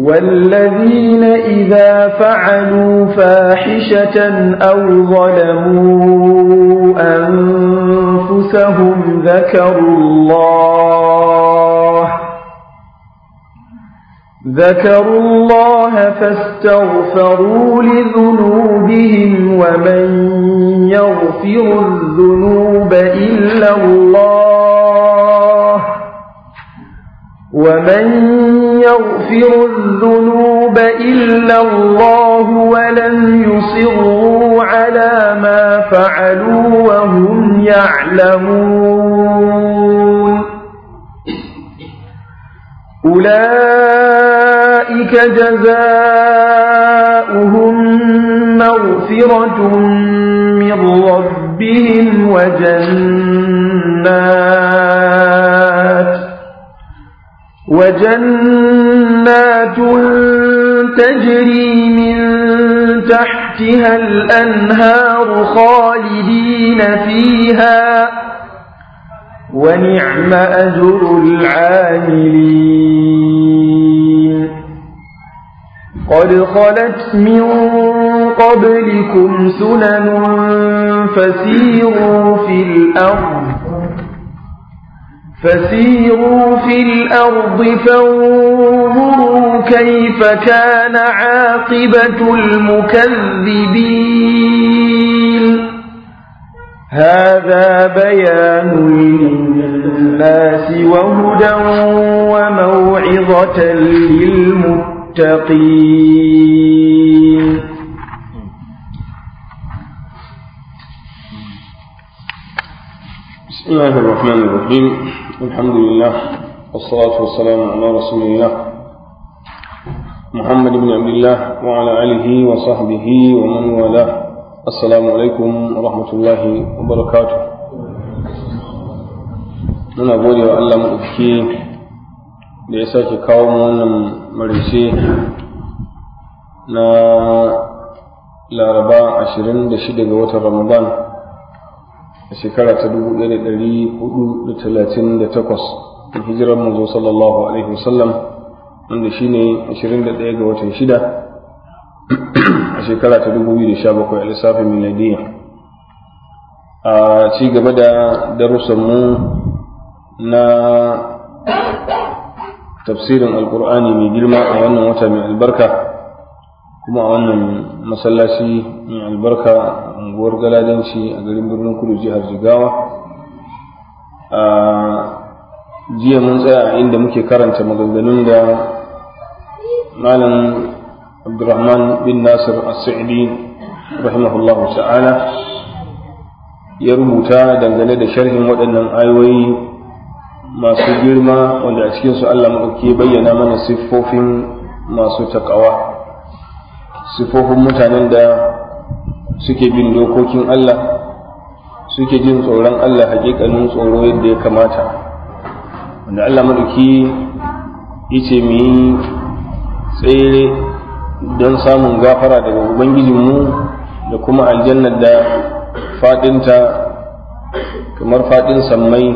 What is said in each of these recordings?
والذين إذا فعلوا فاحشة أو ظلموا أنفسهم ذكروا الله ذكروا الله فاستغفروا لذنوبهم ومن يغفر الذنوب إلا الله ومن يغفر الذنوب إلا الله ولم يصروا على ما فعلوا وهم يعلمون أولئك جزاؤهم مغفرة من ربهم وجنات وجنات تجري من تحتها الأنهار خالدين فيها ونعم أجر العاملين قد خلت من قبلكم سنن فسيروا في الأرض فسيروا في الأرض فانظروا كيف كان عاقبة المكذبين هذا بيان للناس وهدى وموعظة للمتقين بسم الله الرحمن الرحيم الحمد لله والصلاة والسلام على رسول الله محمد بن عبد الله وعلى آله وصحبه ومن والاه السلام عليكم ورحمة الله وبركاته أنا أقول يا الله maɗauki da كوم sake kawo لا wannan marice na laraba رمضان a shekara ta dubu ɗaya da da da ɗari talatin takwas, da hijirar manzo sallallahu alaihi wasallam wanda da ɗaya ga watan shida a shekara ta dubu biyu da sha bakwai a lissafin miladiyya a ci gaba da darussanmu na tafsirin alkur'ani mai girma a wannan wata mai albarka kuma a wannan masallaci mai albarka unguwar galadanci a garin birnin kudu jihar jigawa a jiya mun tsaya inda muke karanta maganganun da malam abdurrahman bin nasir as-sa'idi rahimahullahu ta'ala ya rubuta dangane da sharhin waɗannan ayoyi masu girma wanda a cikinsu Allah maɗauki bayyana mana siffofin masu taƙawa sifofin mutanen da suke bin dokokin Allah suke jin tsoron Allah hakikanin tsoro yadda ya kamata wanda Allah maduki yace mu yi tsere don samun gafara daga ubangijinmu da kuma aljannar da fadinta kamar fadin sammai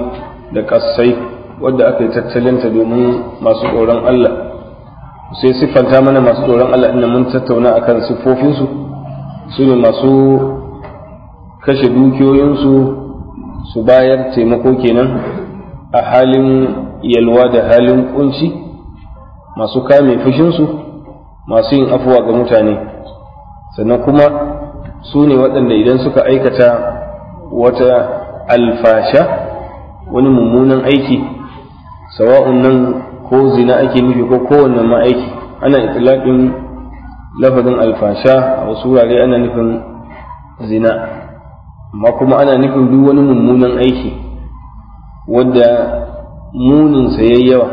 da kassai wadda aka yi tattalinta domin masu tsoron Allah sai siffanta mana masu tsoron Allah inda mun tattauna a kan siffofinsu su ne masu kashe dukiyoyinsu su bayar taimako kenan a halin yalwa da halin kunci masu kame fushinsu masu yin afuwa ga mutane sannan kuma su ne waɗanda idan suka aikata wata alfasha wani mummunan aiki sawa'un nan ko zina ake nufi ko kowanne ma aiki ana itlaqin lafazin alfasha a wasu wurare ana nufin zina amma kuma ana nufin duk wani mummunan aiki wadda muninsa yayi yawa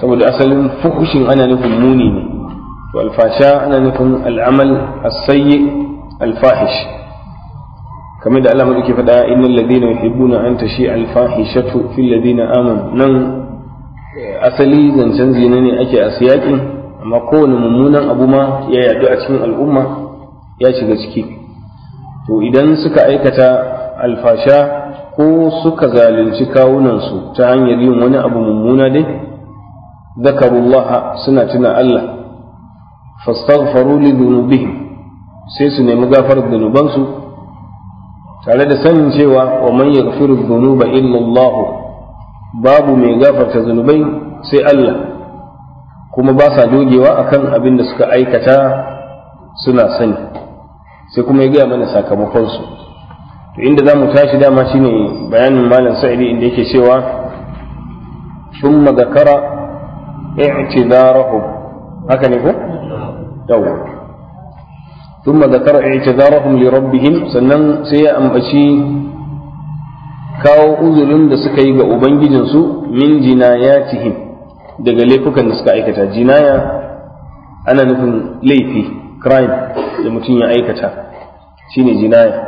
saboda asalin fuhushin ana nufin muni ne to alfasha ana nufin al'amal as-sayyi al-fahish kamar da Allah yake faɗa innal ladina yuhibbuna an tashi al-fahishatu fil ladina amanu nan asali zancen zina ne ake a siyaƙin amma kowane mummunan abu ma ya yaɗu a cikin al'umma ya shiga ciki to idan suka aikata alfasha ko suka zalunci kawunansu ta hanyar yin wani abu mummuna dai zakarullah suna tuna Allah fastaghfiru li dhunubihim sai su nemi gafarar zunubansu tare da sanin cewa wa man yaghfiru dhunuba illa Allah babu mai gafarta zunubai sai Allah kuma ba sa dogewa akan abin da suka aikata suna sani sai kuma ya gaya mana sakamakonsu to inda za mu tashi dama shine bayanin malam sa'idi inda yake cewa haka ne ko هكذا thumma zakara ثم li rabbihim sannan sai ya ambaci. kawo uzurin da suka yi ga ubangijinsu min jinayatihim daga laifukan da suka aikata jinaya ana nufin laifi crime da mutum ya aikata shine jinaya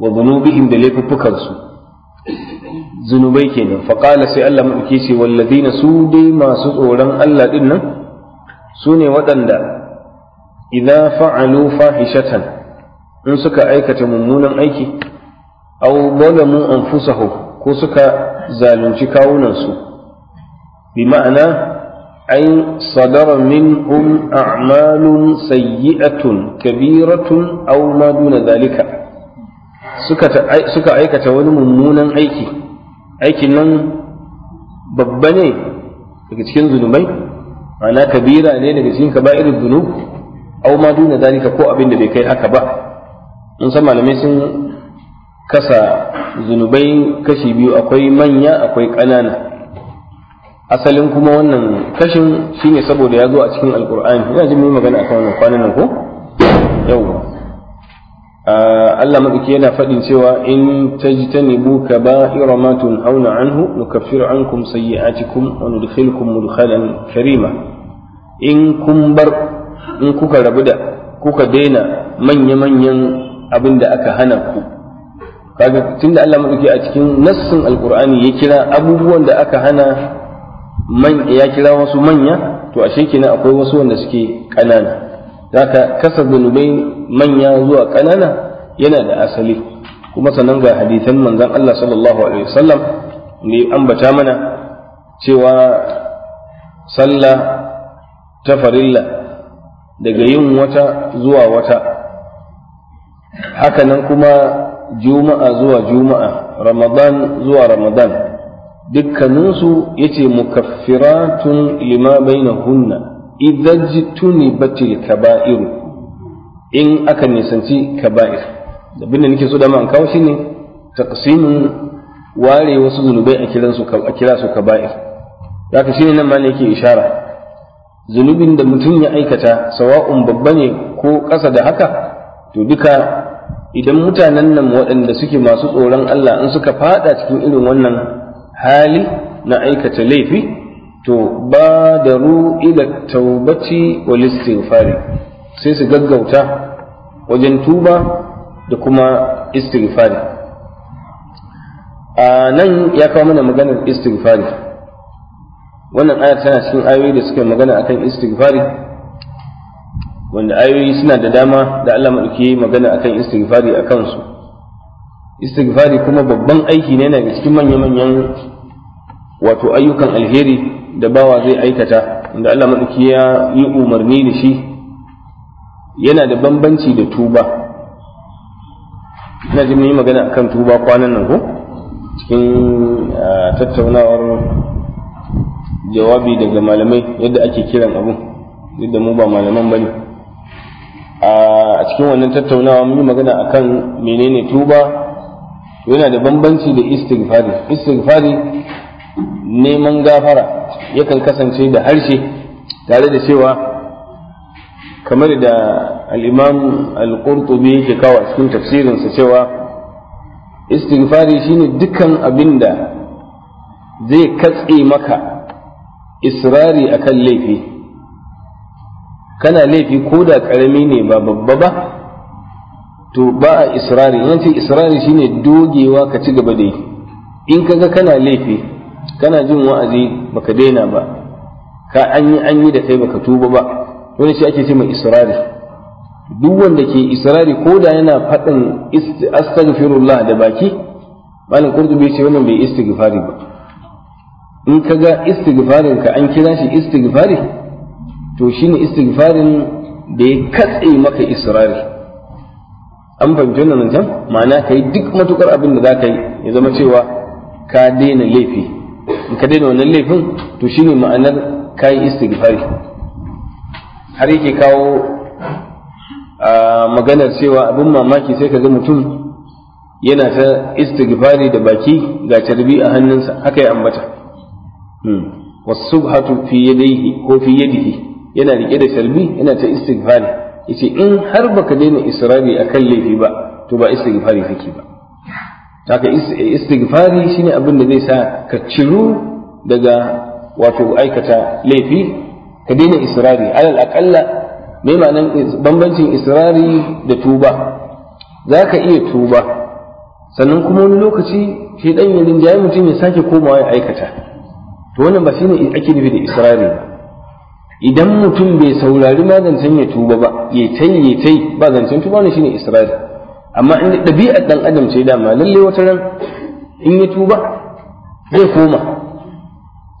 wa zunubihim da laifukansu zunubai kenan faƙala sai Allah maɗauke ce wallazina su dai masu tsoron Allah ɗin nan su ne waɗanda idan fa'alu fahishatan in suka aikata mummunan aiki aw zalamu anfusahum ko suka zalunci kawunan su? bi ma'ana أي صدر منهم أعمال سيئة كبيرة أو ما دون zalika. suka aikata wani mummunan aiki aikin nan babba ne daga cikin zunubai ana kabira ne daga cikin kaba'irin zunub au ma duna zalika ko abinda bai kai haka ba in san malamai sun kasa zunubai kashi biyu akwai manya akwai ƙanana asalin kuma wannan kashin shine saboda ya zo a cikin alkur'ani ina jin magana akan wannan kwanan nan ko ah, Allah madaki yana faɗin cewa in tajtanibu kaba'ira ma auna anhu nukaffir ankum sayyi'atikum wa nudkhilukum mudkhalan karima in kun bar in kuka rabu da kuka daina manya-manyan abin da aka hana ku kaga tunda Allah madauki a cikin nassin alqur'ani ya kira abubuwan da aka hana man ya kira wasu manya to ashe kenan akwai wasu wanda suke kanana zaka kasa zunubai manya zuwa kanana yana da asali kuma sanan ga hadisan manzon Allah sallallahu alaihi wasallam ne ambata mana cewa sallah ta farilla daga yin wata zuwa wata hakanan kuma juma'a zuwa juma'a ramadan zuwa ramadan dukkaninsu yace mukaffiratun lima bainahunna idajtuni batil kaba'ir in aka nisanci kaba'ir da da nake so da man kawo shi ne. taqsimin ware wasu zunubai a kiransu a kira su kaba'ir zaka shine nan ma ne yake ishara zunubin da mutum ya aikata sawa'un babba ne ko ƙasa da haka to duka idan mutanen nan waɗanda suke masu tsoron Allah in suka faɗa cikin irin wannan hali na aikata laifi to ba da ila taubati wal istighfari sai su gaggauta wajen tuba da kuma istighfari a nan ya kawo mana maganar istighfari wannan aya tana cikin ayoyi da suke magana akan istighfari wanda ayoyi suna da dama da Allah maɗauki magana akan istighfari a kansu istighfari kuma babban aiki ne na cikin manya-manyan wato ayyukan alheri da bawa zai aikata wanda Allah maɗauki ya yi umarni da shi yana da bambanci da tuba ina jin yi magana akan tuba kwanan nan ko cikin tattaunawar jawabi daga malamai yadda ake kiran abu, yadda mu ba malaman bane a cikin wannan tattaunawa mun yi magana akan menene tuba yana da bambanci da istighfari istighfari neman gafara yakan kasance da harshe tare da cewa kamar da al-qurtubi yake kawo a cikin tafsirinsa cewa istighfari shine dukan abin da zai katse maka israri akan laifi kana laifi ko da karami ne ba babba ba to ba a israri in ce israri shine dogewa ka ci gaba da yi in kaga kana laifi kana jin wa'azi baka daina ba ka an yi an yi da kai baka tuba ba wani shi ake ce mai israri duk wanda ke israri ko da yana faɗin astaghfirullah da baki malam bai ce wannan bai istighfari ba in kaga istighfarin ka an kira shi istighfari to shine istighfarin da ya katse maka israri an fahimci wannan ma'ana ka yi duk matukar abin da za ka yi ya zama cewa ka daina laifi in ka daina wannan laifin to shine ma'anar ka yi istighfari har yake kawo a maganar cewa abin mamaki sai ka ga mutum yana ta istighfari da baki ga carbi a hannunsa haka ya ambata hmm. wasubhatu fi yadayhi ko fi yadihi yana rike da salmi, yana ta istighfari yace in har baka daina israri akan laifi ba to ba istighfari kake ba haka istighfari shine abin da zai sa ka ciru daga wato aikata laifi ka daina israri alal aqalla me nan bambancin israri da tuba za ka iya tuba sannan kuma wani lokaci shi dan ya mutum ya sake komawa ya aikata to wannan ba shine ake nufi da israri ba idan mutum bai saurari ma zancen ya tuba ba ya tai ya tai ba zancen tuba ne shine isra'il amma in ɗabi'ar ɗan adam ce dama lalle wata ran in ya tuba zai koma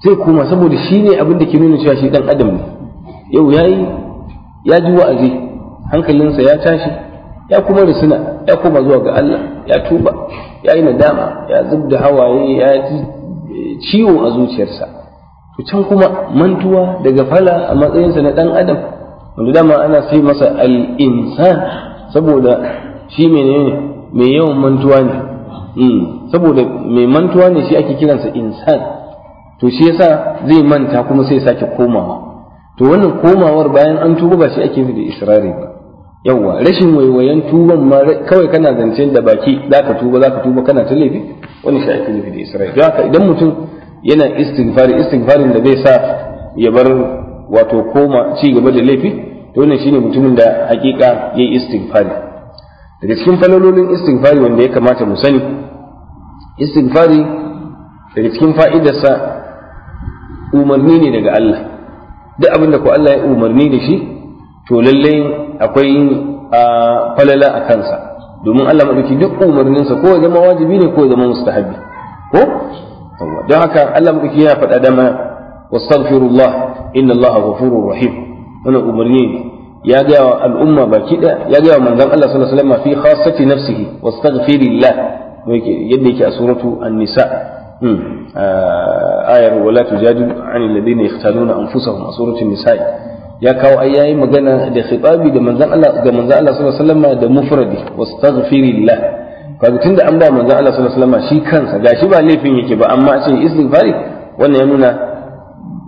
zai koma saboda shi ne abin da ke nuna cewa shi ɗan adam ne yau ya yi ya ji wa'azi hankalinsa ya tashi ya kuma risina ya koma zuwa ga Allah ya tuba ya yi nadama ya zub da hawaye ya ji ciwo a zuciyarsa to can kuma mantuwa daga fala a matsayinsa na dan adam wanda dama ana sai masa al saboda shi menene mai yawan mantuwa ne hmm, saboda mai mantuwa ne shi ake kiransa insan to shi yasa zai manta kuma sai sake komawa to wannan komawar bayan an tuba ba shi ake nufi da israri ba yawwa rashin waiwayen tuban ma kawai kana zancen da baki zaka tuba zaka tuba kana ta laifi wannan shi ake nufi da israri haka idan mutum yana istighfari istighfarin da zai sa ya bar wato koma ci gaba da laifi to wannan shine mutumin da hakika yayi istighfari daga cikin falalolin istighfari wanda ya kamata mu sani istighfari daga cikin fa'idarsa umarni ne daga Allah duk abin da ko Allah ya umarni da shi to lallai akwai falala a kansa domin Allah madauki duk umarninsa ko ya zama wajibi ne ko ya zama mustahabi ko don haka Allah muke ya faɗa dama wastaghfirullah inna Allah ghafurur rahim wannan umarni ne ya ga wa al'umma baki daya ya ga wa manzon Allah sallallahu alaihi wasallam fi khassati nafsihi wastaghfirillah yadda yake a suratu an-nisa hmm. ah, ayar wala tujadilu anil ladina yaqtaluna anfusahum a suratu an-nisa ya kawo ai magana da khitabi da manzon Allah ga manzon Allah sallallahu alaihi wasallam da mufradi wastaghfirillah kaga tunda an ba manzo Allah sallallahu alaihi wasallam shi kansa gashi ba laifin yake ba amma a ce istighfari wannan ya nuna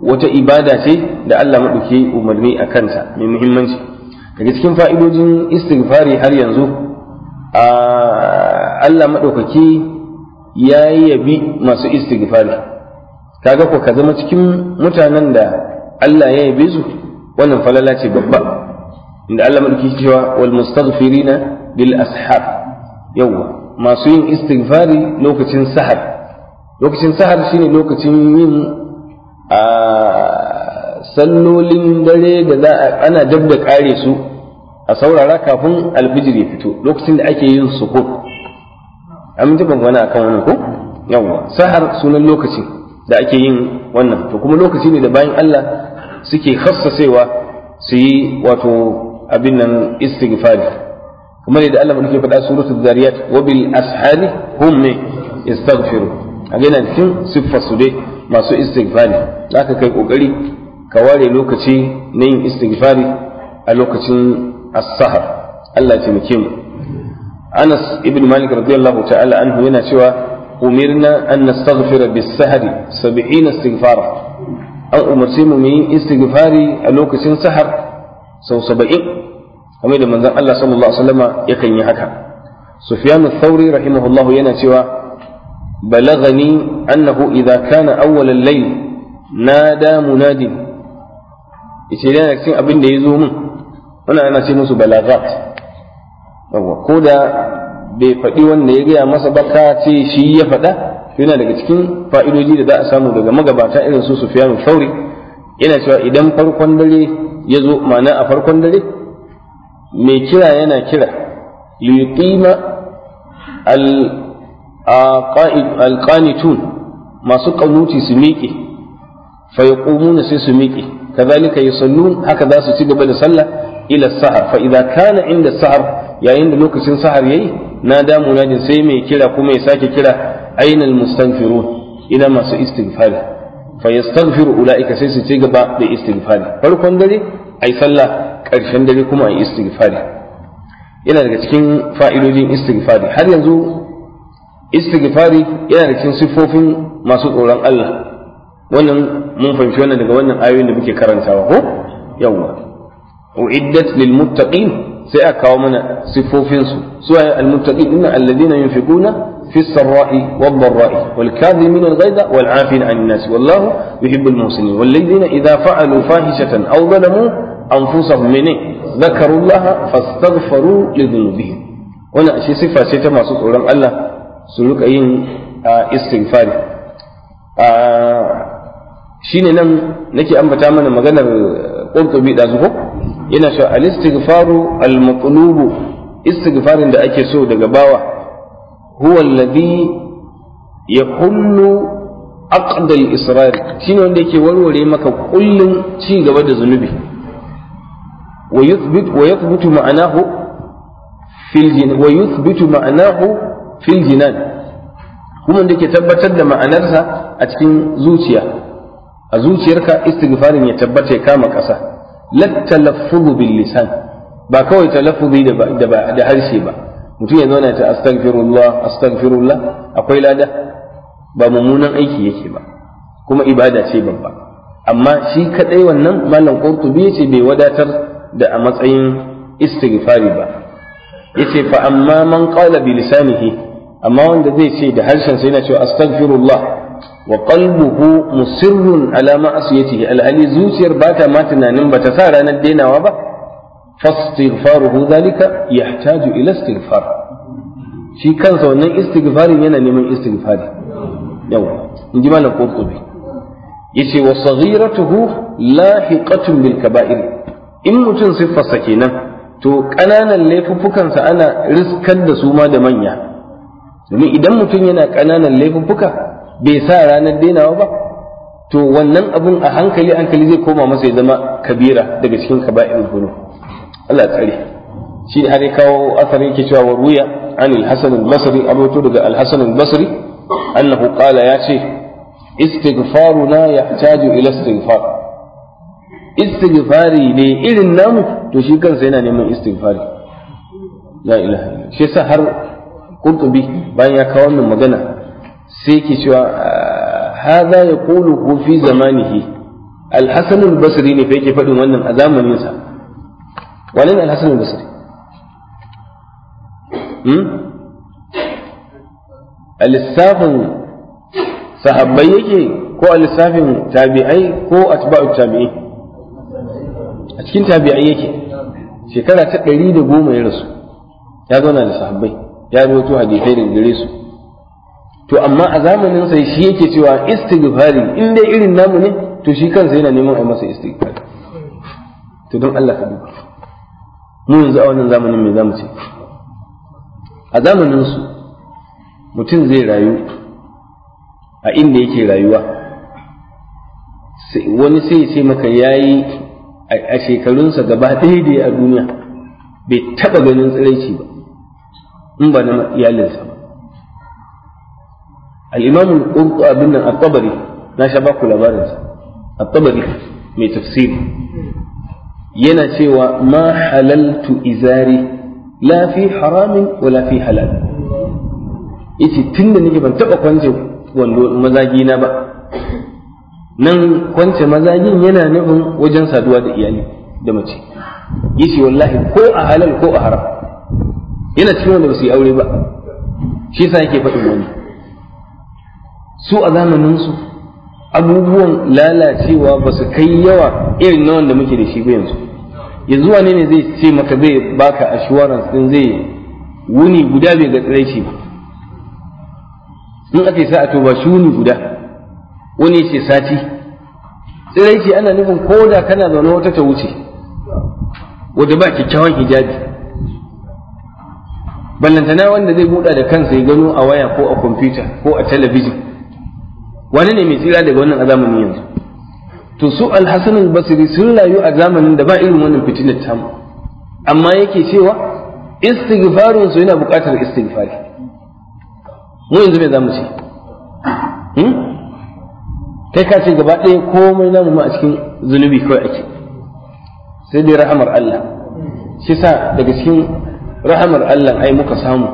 wata ibada ce da Allah madauki umarni a kanta mai muhimmanci daga cikin fa'idojin istighfari har yanzu a Allah madaukaki ya yabi masu istighfari kaga ko ka zama cikin mutanen da Allah ya yabe su wannan falala ce babba inda Allah madauki cewa wal mustaghfirina bil ashab yawwa masu yin istighfari lokacin sahar lokacin sahar shine lokacin yin a sallolin dare da za a ana dab kare su a saurara kafin alfijir ya fito lokacin da ake yin sukuk an ji ban wani akan wannan ko yawa sahar sunan lokacin da ake yin wannan to kuma lokaci ne da bayan Allah suke khassasewa su yi wato abin nan istighfari kuma ne da Allah mulki faɗa suratul zariyat wa bil ashari hum ne istaghfiru a ga cikin su dai masu istighfari zaka kai kokari ka ware lokaci na yin istighfari a lokacin as-sahar Allah ya taimake mu Anas ibn Malik radiyallahu ta'ala anhu yana cewa umirna an nastaghfira bis-sahri 70 istighfara an umarci mu mu yi istighfari a lokacin sahar sau saba'in kamar da manzon Allah sallallahu alaihi wasallama yakan yi haka Sufyan al-Thawri rahimahullahu yana cewa balagani annahu idza kana awwal al-layl nada munadin yace yana cikin abin da yazo min wannan ana ce musu balagat yawa ko da bai faɗi wanda ya gaya masa ba ka ce shi ya faɗa yana daga cikin fa'idoji da za a samu daga magabata irin su Sufyan al-Thawri yana cewa idan farkon dare ya zo ma'ana a farkon dare mai kira yana kira liqima al-qanitun masu kanuti su miƙe fa yaqumuna sai su miƙe kadhalika yusallun haka za su ci gaba da sallah ila sahar fa idza kana inda sahar yayin da lokacin sahar yayi na damu na jin sai mai kira kuma ya sake kira ainal mustanfirun ina masu istighfari fa yastaghfiru ulaika sai su ci gaba da istighfari farkon dare ai sallah ƙarshen dare kuma a yi istighfari yana daga cikin fa'idojin istighfari har yanzu istighfari yana da cikin siffofin masu tsoron Allah wannan mun fahimci wannan daga wannan ayoyin da muke karantawa ko yawwa uiddat lil muttaqin sai aka kawo mana siffofin su su ay al muttaqin inna alladhina yunfiquna fi sarra'i wad dharra'i wal kadhimin al ghayza wal 'afina 'an nas wallahu yuhibbul muhsinin wal ladhina idha fa'alu fahishatan aw zalamu anfusahum mene zakarullaha fastaghfaru lidhunubihim wannan ashe sifa ce ta masu tsoron Allah su rika yin istighfari shine nan nake ambata mana maganar eh, qurtubi da zuko yana cewa al istighfaru al istighfarin da ake so daga bawa huwa alladhi yahullu aqdal israr shine wanda yake warware maka kullun ci gaba da zunubi ويثبت ويثبت معناه في الجنان ويثبت معناه في الجنان kuma da ke tabbatar da ma'anarsa a cikin zuciya a zuciyarka istighfarin ya tabbata ya kama ƙasa lattalaffuzu bil lisan ba kawai talaffuzi da da harshe ba mutum ya zauna ta astaghfirullah astaghfirullah akwai lada ba mummunan aiki yake ba kuma ibada ce babba amma shi kadai wannan malam qurtubi ce bai wadatar da a matsayin istighfari ba yace fa amma man qala bi lisanihi amma wanda zai ce da harshen sai yana cewa astaghfirullah wa qalbuhu musirrun ala ma'asiyatihi al'ali zuciyar bata ma tunanin bata sa ranar dainawa ba fastighfaruhu zalika yahtaju ila istighfar shi kansa wannan istighfarin yana neman istighfari yawa in ji malam qurtubi yace wa saghiratuhu lahiqatun bil kaba'ir in mutum siffarsa kenan to ƙananan laifuffukansa ana riskar da su ma da manya domin idan mutum yana ƙananan laifuffuka bai sa ranar dainawa ba to wannan abin a hankali hankali zai koma masa ya zama kabira daga cikin kaba'ir gunu Allah tsare shi da har ya kawo asarin ke cewa ruya an al-hasan al-basri abuto daga al-hasan al-basri annahu qala ya ce istighfaruna yahtaju ila istighfar istighfari ne irin namu to shi kansa yana neman istighfari la ilaha shi yasa har qurtubi bayan ya kawo min magana sai yake cewa ah, hadha yaqulu fi zamanihi al-hasan al-basri ne fa yake faɗin wannan a zamanin sa wannan al-hasan al-basri hmm a lissafin sahabbai yake ko a lissafin tabi'ai ko atba'u tabi'i a cikin tabi'ai yake shekara ta ɗari da goma ya rasu ya zauna da sahabbai ya to hadisai da gare su to amma a zamanin sai shi yake cewa istighfari in dai irin namu ne to shi kansa yana neman a masa istighfari to don Allah ka duba mu yanzu a wannan zamanin me zamu ce a zamanin su mutum zai rayu a inda yake rayuwa wani sai ce maka yayi a shekarunsa gaba daidai a duniya bai taɓa ganin tsiraici ba in ba na iyalinsa ba al'imamu ƙurƙu abin nan a na sha baku labarinsa a mai tafsiri yana cewa ma halaltu izari la fi haramin wala fi halal yace tunda nake ban taɓa kwance wando mazagina ba nan kwance maza mazajin yana nufin wajen saduwa da iyali da mace yace wallahi ko a halal ko a haram yana cikin wanda ba su yi aure ba shi yasa yake faɗin wani su a zamanin su abubuwan lalacewa ba su kai yawa irin na wanda muke da shi ba yanzu yanzu wane ne zai ce maka zai baka assurance din zai wuni guda bai ga tsiraici ba in aka yi sa'a to ba shi wuni guda wani ce sati sai ce ana nufin ko da kana zaune wata ta wuce wadda ba kyakkyawan hijabi ballantana wanda zai buɗa da kansa ya gano a waya ko a kwamfuta ko a talabijin wani ne mai tsira daga wannan a zamanin yanzu to su alhassanin basiri sun rayu a zamanin da ba irin wannan fitinar tamu amma yake cewa istighfarin yana buƙatar istighfari mu yanzu me za mu ce kai ka ce gaba ɗaya komai na ma a cikin zunubi kawai ake sai dai rahamar Allah shi sa daga cikin rahamar Allah ai muka samu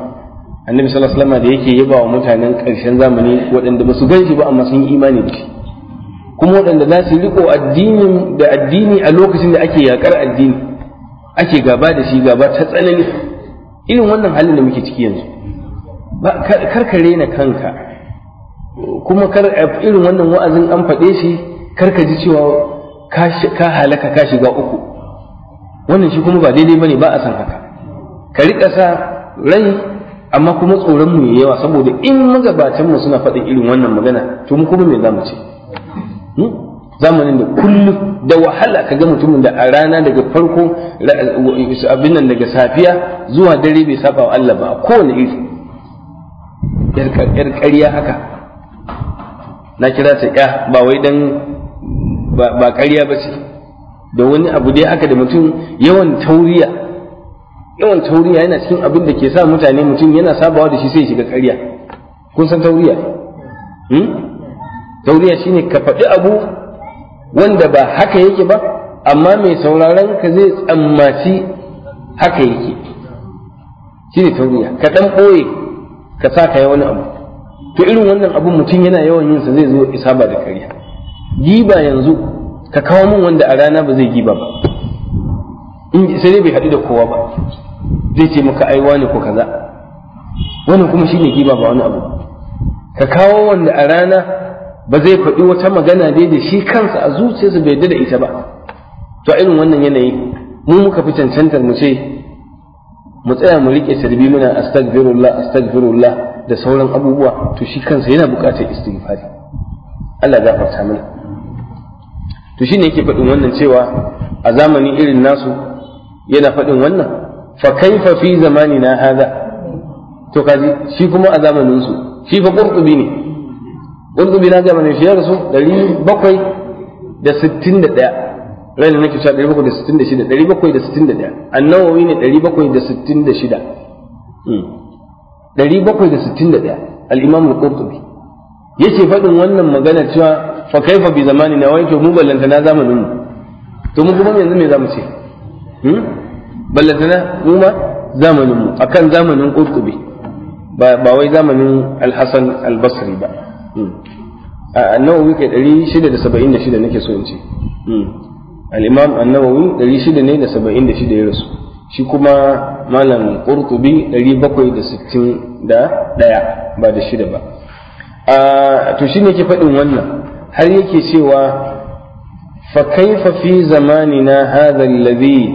annabi sallallahu alaihi da yake yaba wa mutanen ƙarshen zamani waɗanda ba su gan shi ba amma sun yi imani da shi kuma waɗanda za su riko addinin da addini a lokacin da ake yakar addini ake gaba da shi gaba ta tsanani irin wannan halin da muke ciki yanzu kar ka rena kanka kuma kar irin wannan wa'azin an faɗe shi kar ka ji cewa ka halaka ka shiga uku wannan shi kuma ba daidai bane ba a san haka ka riƙa sa rai amma kuma tsoron mu yawa saboda in magabatan mu suna faɗin irin wannan magana to mu kuma me zamu ce hmm? zamanin da kullum da wahala ka ga mutumin da a rana daga farko abin nan daga safiya zuwa dare bai saba wa Allah ba kowane iri yar ƙarya haka na kira ta ya ba wai dan ba ƙarya ba ce da wani abu dai aka da mutum yawan tauriya yawan tauriya yana cikin abin da ke sa mutane mutum yana sabawa da shi sai shiga ƙarya kun san tauriya hmm? tauriya shine ka faɗi abu wanda ba haka yake ba amma mai sauraron ka zai tsammaci haka yake shine tauriya ka ɗan ɓoye ka sa ka yi wani abu to irin wannan abun mutum yana yawan yin sa zai zo isaba da kariya giba yanzu ka kawo min wanda a rana ba zai giba ba in sai dai bai haɗu da kowa ba zai ce maka ai wani ko kaza wannan kuma shine giba ba wani abu ka kawo wanda a rana ba zai faɗi wata magana dai da shi kansa a zuciyarsa bai yarda da ita ba to a irin wannan yanayi mu muka fi cancantar mu ce mu tsaya mu rike tarbi muna astaghfirullah astaghfirullah da sauran abubuwa to shi kansa yana buƙatar istighfari Allah ya gafarta mana to shine yake faɗin wannan cewa a zamanin irin nasu yana faɗin wannan fa kaifa fi zamanina hadha to kaji shi kuma a zamanin su shi fa qurtubi ne qurtubi na zamanin shi ya rasu 761 ranar nake cewa 766 761 annawawi ne 766 761 hmm. al-imam al-qurtubi yace faɗin wannan magana cewa fa kaifa bi zamani na wai to mu ballanta na zamanin mu to mu kuma yanzu me zamu ce hmm ballanta na mu ma zamanin mu akan zamanin qurtubi ba ba wai zamanin al-hasan al-basri ba hmm. annawawi kai 676 nake so in ce hmm. al-imam an-nawawi 676 ya rasu shi kuma malam qurtubi 761 ba da shida ba a to shine yake faɗin wannan har yake cewa fa kaifa fi zamanina hadha alladhi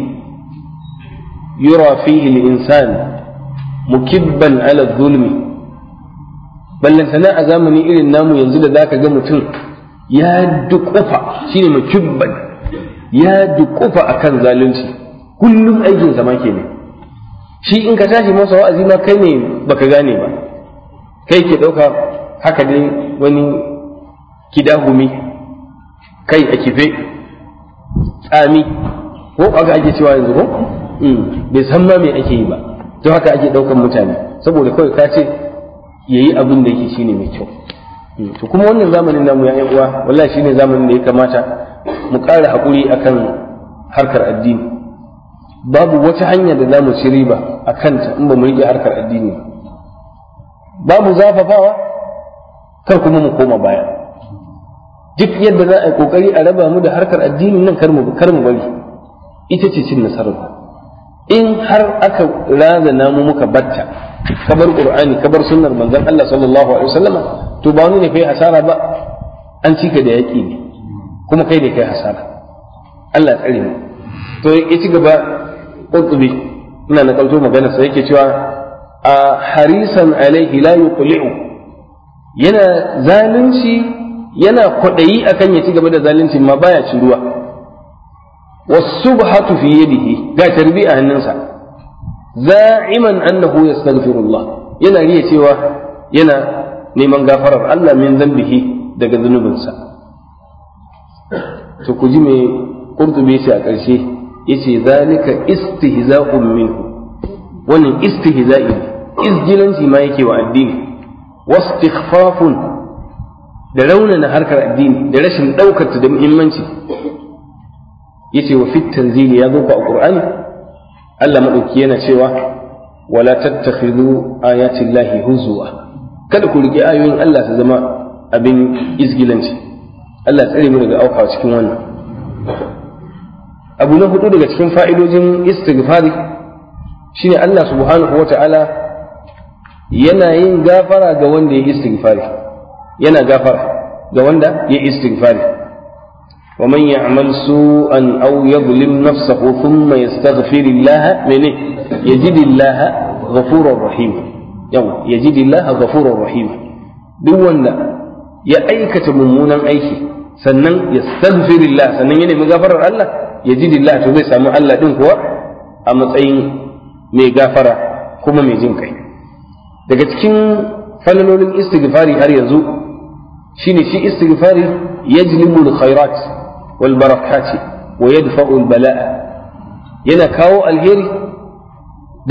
yura fihi al-insan mukibban ala zulmi ballantana a zamani irin namu yanzu da za ka ga mutum ya duk ufa shine mukibban ya dukufa kan zalunci kullum aikin sa ma ne shi in ka tashi masa wa'azi ma kai ne baka gane ba kai ke dauka haka dai wani kidahumi kai a kife tsami ko aga ake cewa yanzu ko mm, bai san ma me ake yi ba to haka ake daukan mutane saboda kawai ka ce yayi abin da yake shine mai kyau mm, to kuma wannan zamanin namu ya uwa wallahi shine zamanin da ya kamata mu ƙara haƙuri kan harkar addini babu wata hanya da zamu ci riba a kanta in ba mu riƙe harkar addini babu zafafawa kar kuma mu koma baya duk yadda za a yi ƙoƙari a raba mu da harkar addini nan kar mu bari ita ce cin nasarar in har aka raza namu muka batta kabar qur'ani kabar sunnar manzon Allah sallallahu alaihi wasallama to ba wani ne kai asara ba an cika da yaƙi ne kuma kai ne kai asara Allah tsare mu to ya ci gaba qutbi ina na kalto magana sai yake cewa a harisan alaihi la yuqli'u yana zalunci yana kwadayi akan ya ci gaba da zalunci ma baya ci ruwa wasubhatu fi yadihi ga tarbi a hannunsa za'iman annahu yastaghfirullah yana riya cewa yana neman gafarar Allah min zambihi daga zunubinsa to ku ji me qurtubi ce a ƙarshe yace zalika istihza'un minhu wannan istihza'i izgilanci ma yake wa addini wastighfafun da raunana harkar addini da rashin ɗaukar da muhimmanci yace wa fit tanzili ya zo ku a qur'ani Allah madauki yana cewa wala tattakhidhu ayati llahi huzwa kada ku rike ayoyin Allah su zama abin izgilanci Allah tsare mu daga auka cikin wannan abu na hudu daga cikin fa'idojin istighfari shine Allah subhanahu wata'ala yana yin gafara ga wanda ya istighfari yana gafara ga wanda ya istighfari wa man ya'mal su'an aw yadhlim nafsahu thumma yastaghfirillah mene yajidillah ghafurur rahim yau yajidillah ghafurur rahim duk wanda ya aikata mummunan aiki sannan ya yastaghfirillah sannan ya nemi gafarar Allah ya ji yajidillah to zai samu Allah din kuwa a matsayin mai gafara kuma mai jin kai daga cikin falalolin istighfari har yanzu shine shi istighfari yajlibu alkhairat wal barakati wa yadfa'u bala'a. yana kawo alheri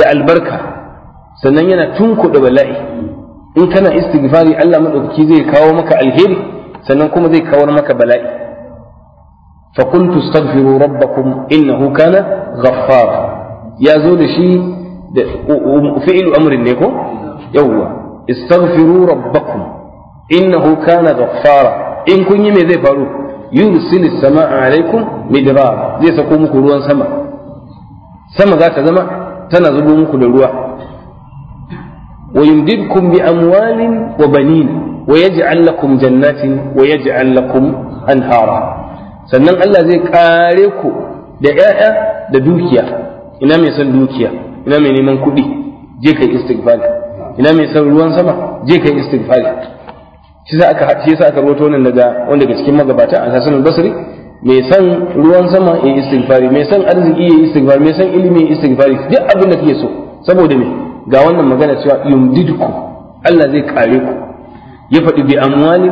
da albarka sannan yana tunkuɗa bala'i in kana istighfari Allah madaukaki zai kawo maka alheri sannan kuma zai kawar maka bala'i fa kuntu astaghfiru rabbakum innahu kana ghaffara ya zo da shi da fi'il amrin ne ko yawwa istaghfiru rabbakum innahu kana ghaffara in kun yi me zai faru yursilis samaa alaikum midrar zai sako muku ruwan sama sama za ta zama tana zubo muku da ruwa bi amwalin wa banin. wa لكم جنات jannatin wa yaj'al lakum anhara sannan Allah zai kare ku da yaya da dukiya ina mai son dukiya ina mai neman kuɗi je kai istighfar ina mai son ruwan sama je kai istighfar shi za aka shi yasa aka roto wannan daga wanda ga cikin magabata a hasan al-Basri mai son ruwan sama ya istighfar, mai son arziki ya istighfar, mai son ilimi ya istighfar, duk abin da kake so saboda me ga wannan magana cewa yumdidku Allah zai kare ku ya faɗi bi amwali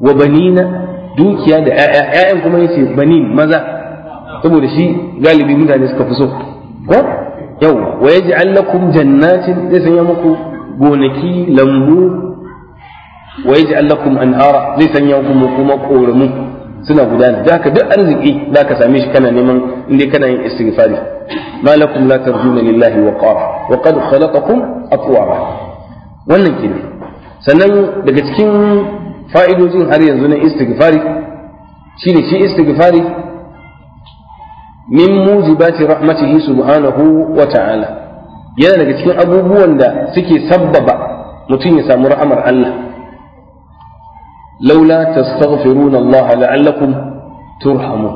wa banina dukiya da ƴaƴan kuma yace banin maza saboda shi galibi mutane suka fi so ko yau wa yaj'al lakum jannatin zai sanya muku gonaki lambu wa yaj'al lakum anhara zai sanya muku kuma koramu suna gudana da haka duk arziki da ka same shi kana neman inda kana yin istighfari ma lakum la tarjuna lillahi wa qara wa qad khalaqakum atwara wannan kenan sannan daga cikin fa'idojin har yanzu na istighfari shine shi istighfari min mujibati rahmatihi subhanahu wa ta'ala yana daga cikin abubuwan da suke sabbaba mutum ya samu ra'amar Allah laula tastaghfiruna Allah la'allakum turhamun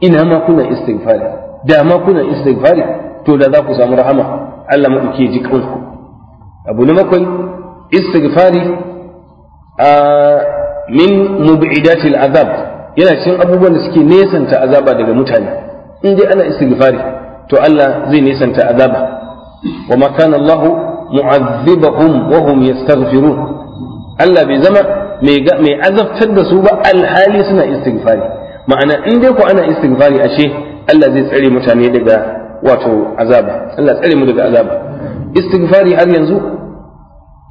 ina ma kuna istighfari da ma kuna istighfari to da za ku samu rahama Allah mu ji abu na makwai istighfari min mubidati azab yana cikin abubuwan da suke nesanta azaba daga mutane in dai ana istighfari to Allah zai nesanta azaba wa ma kana Allah mu'azzibahum wa hum yastaghfirun Allah bai zama mai azabtar da su ba alhali suna istighfari ma'ana in dai ku ana istighfari ashe Allah zai tsare mutane daga wato azaba Allah tsare mu daga azaba istighfari har yanzu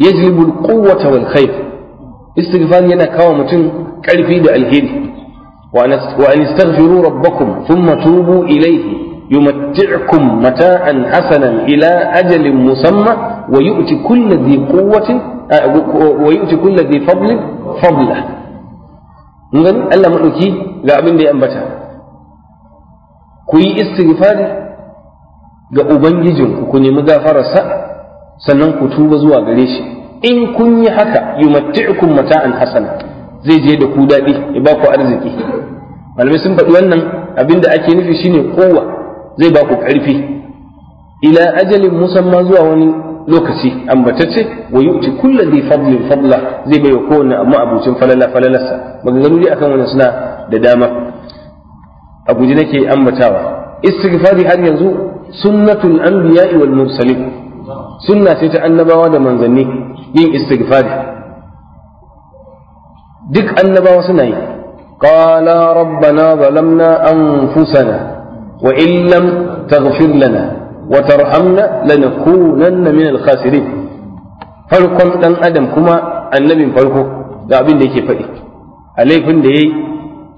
يجلب القوة والخير استغفار ينا كاوم تن كالفي دا الهيل وأن, استغفروا ربكم ثم توبوا إليه يمتعكم متاعا حسنا إلى أجل مسمى ويؤتي كل ذي قوة آه، ويؤتي كل ذي فضل فضله من ألا مؤتي لا من لي أنبتا كوي استغفار ga ubangijinku ku nemi gafararsa sannan ku tuba zuwa gare shi in kun yi haka yumatti'ukum mata'an hasana zai je da ku daɗi ya ba ku arziki malamai sun faɗi wannan abin da ake nufi shine kowa zai ba ku ƙarfi ila ajalin musamman zuwa wani lokaci ambatacce wa yu'ti kullu dhi fadlin fadla zai bai wa kowanne amma abucin falala falalarsa maganganu dai akan wannan suna da dama a guji nake ambatawa istighfari har yanzu sunnatul anbiya'i wal mursalin sunna ce ta annabawa da manzanni yin istighfari duk annabawa suna yi qala rabbana zalamna anfusana wa in lam taghfir lana wa tarhamna lanakunanna min al-khasirin farkon dan adam kuma annabin farko ga abin da yake faɗi a laifin da yayi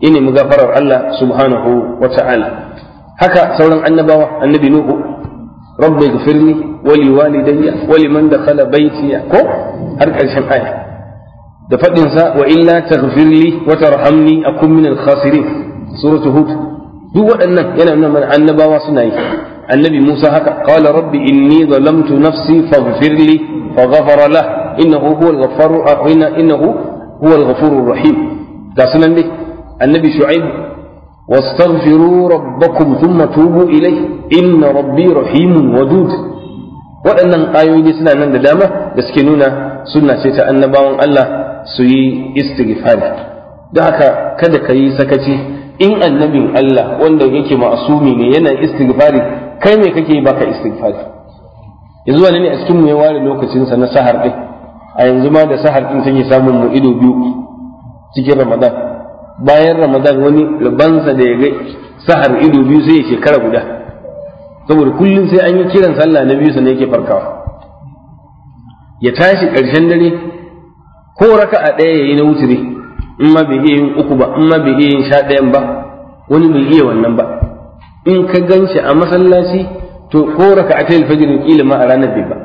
ine mu gafarar Allah subhanahu wa ta'ala haka sauran annabawa annabi nuhu رب لي ولوالدي ولمن دخل بيتي كو هل كان آية دفت نساء وإلا تغفر لي وترحمني اكن من الخاسرين سورة هود دو أن أنا من النبى وصناي النبي موسى هكا قال ربي إني ظلمت نفسي فاغفر لي فغفر له إنه هو الغفار أغنى إنه هو الغفور الرحيم دعسنا النبي شعيب واستغفروا ربكم ثم توبوا إليه inna rabbi rahimun wadud waɗannan ayoyi suna nan da dama da suke nuna sunna ce ta annabawan Allah su yi istighfari da haka kada ka yi sakaci in annabin Allah wanda yake ma'asumi ne yana istighfari kai me kake baka istighfari yanzu wani ne a cikin mu ya ware lokacinsa na sahar din a yanzu ma da sahar din yi samun mu ido biyu cikin ramadan bayan ramadan wani rabansa da ya ga sahar ido biyu sai ya shekara guda saboda kullum sai an yi kiran sallah na biyu sannan yake farkawa ya tashi ƙarshen dare ko raka a ɗaya ya yi na wuturi in ma bai iya yin uku ba in ma bai iya yin sha ɗayan ba wani bai iya wannan ba in ka gan shi a masallaci to ko raka a ta alfajir kila ma a ranar bai ba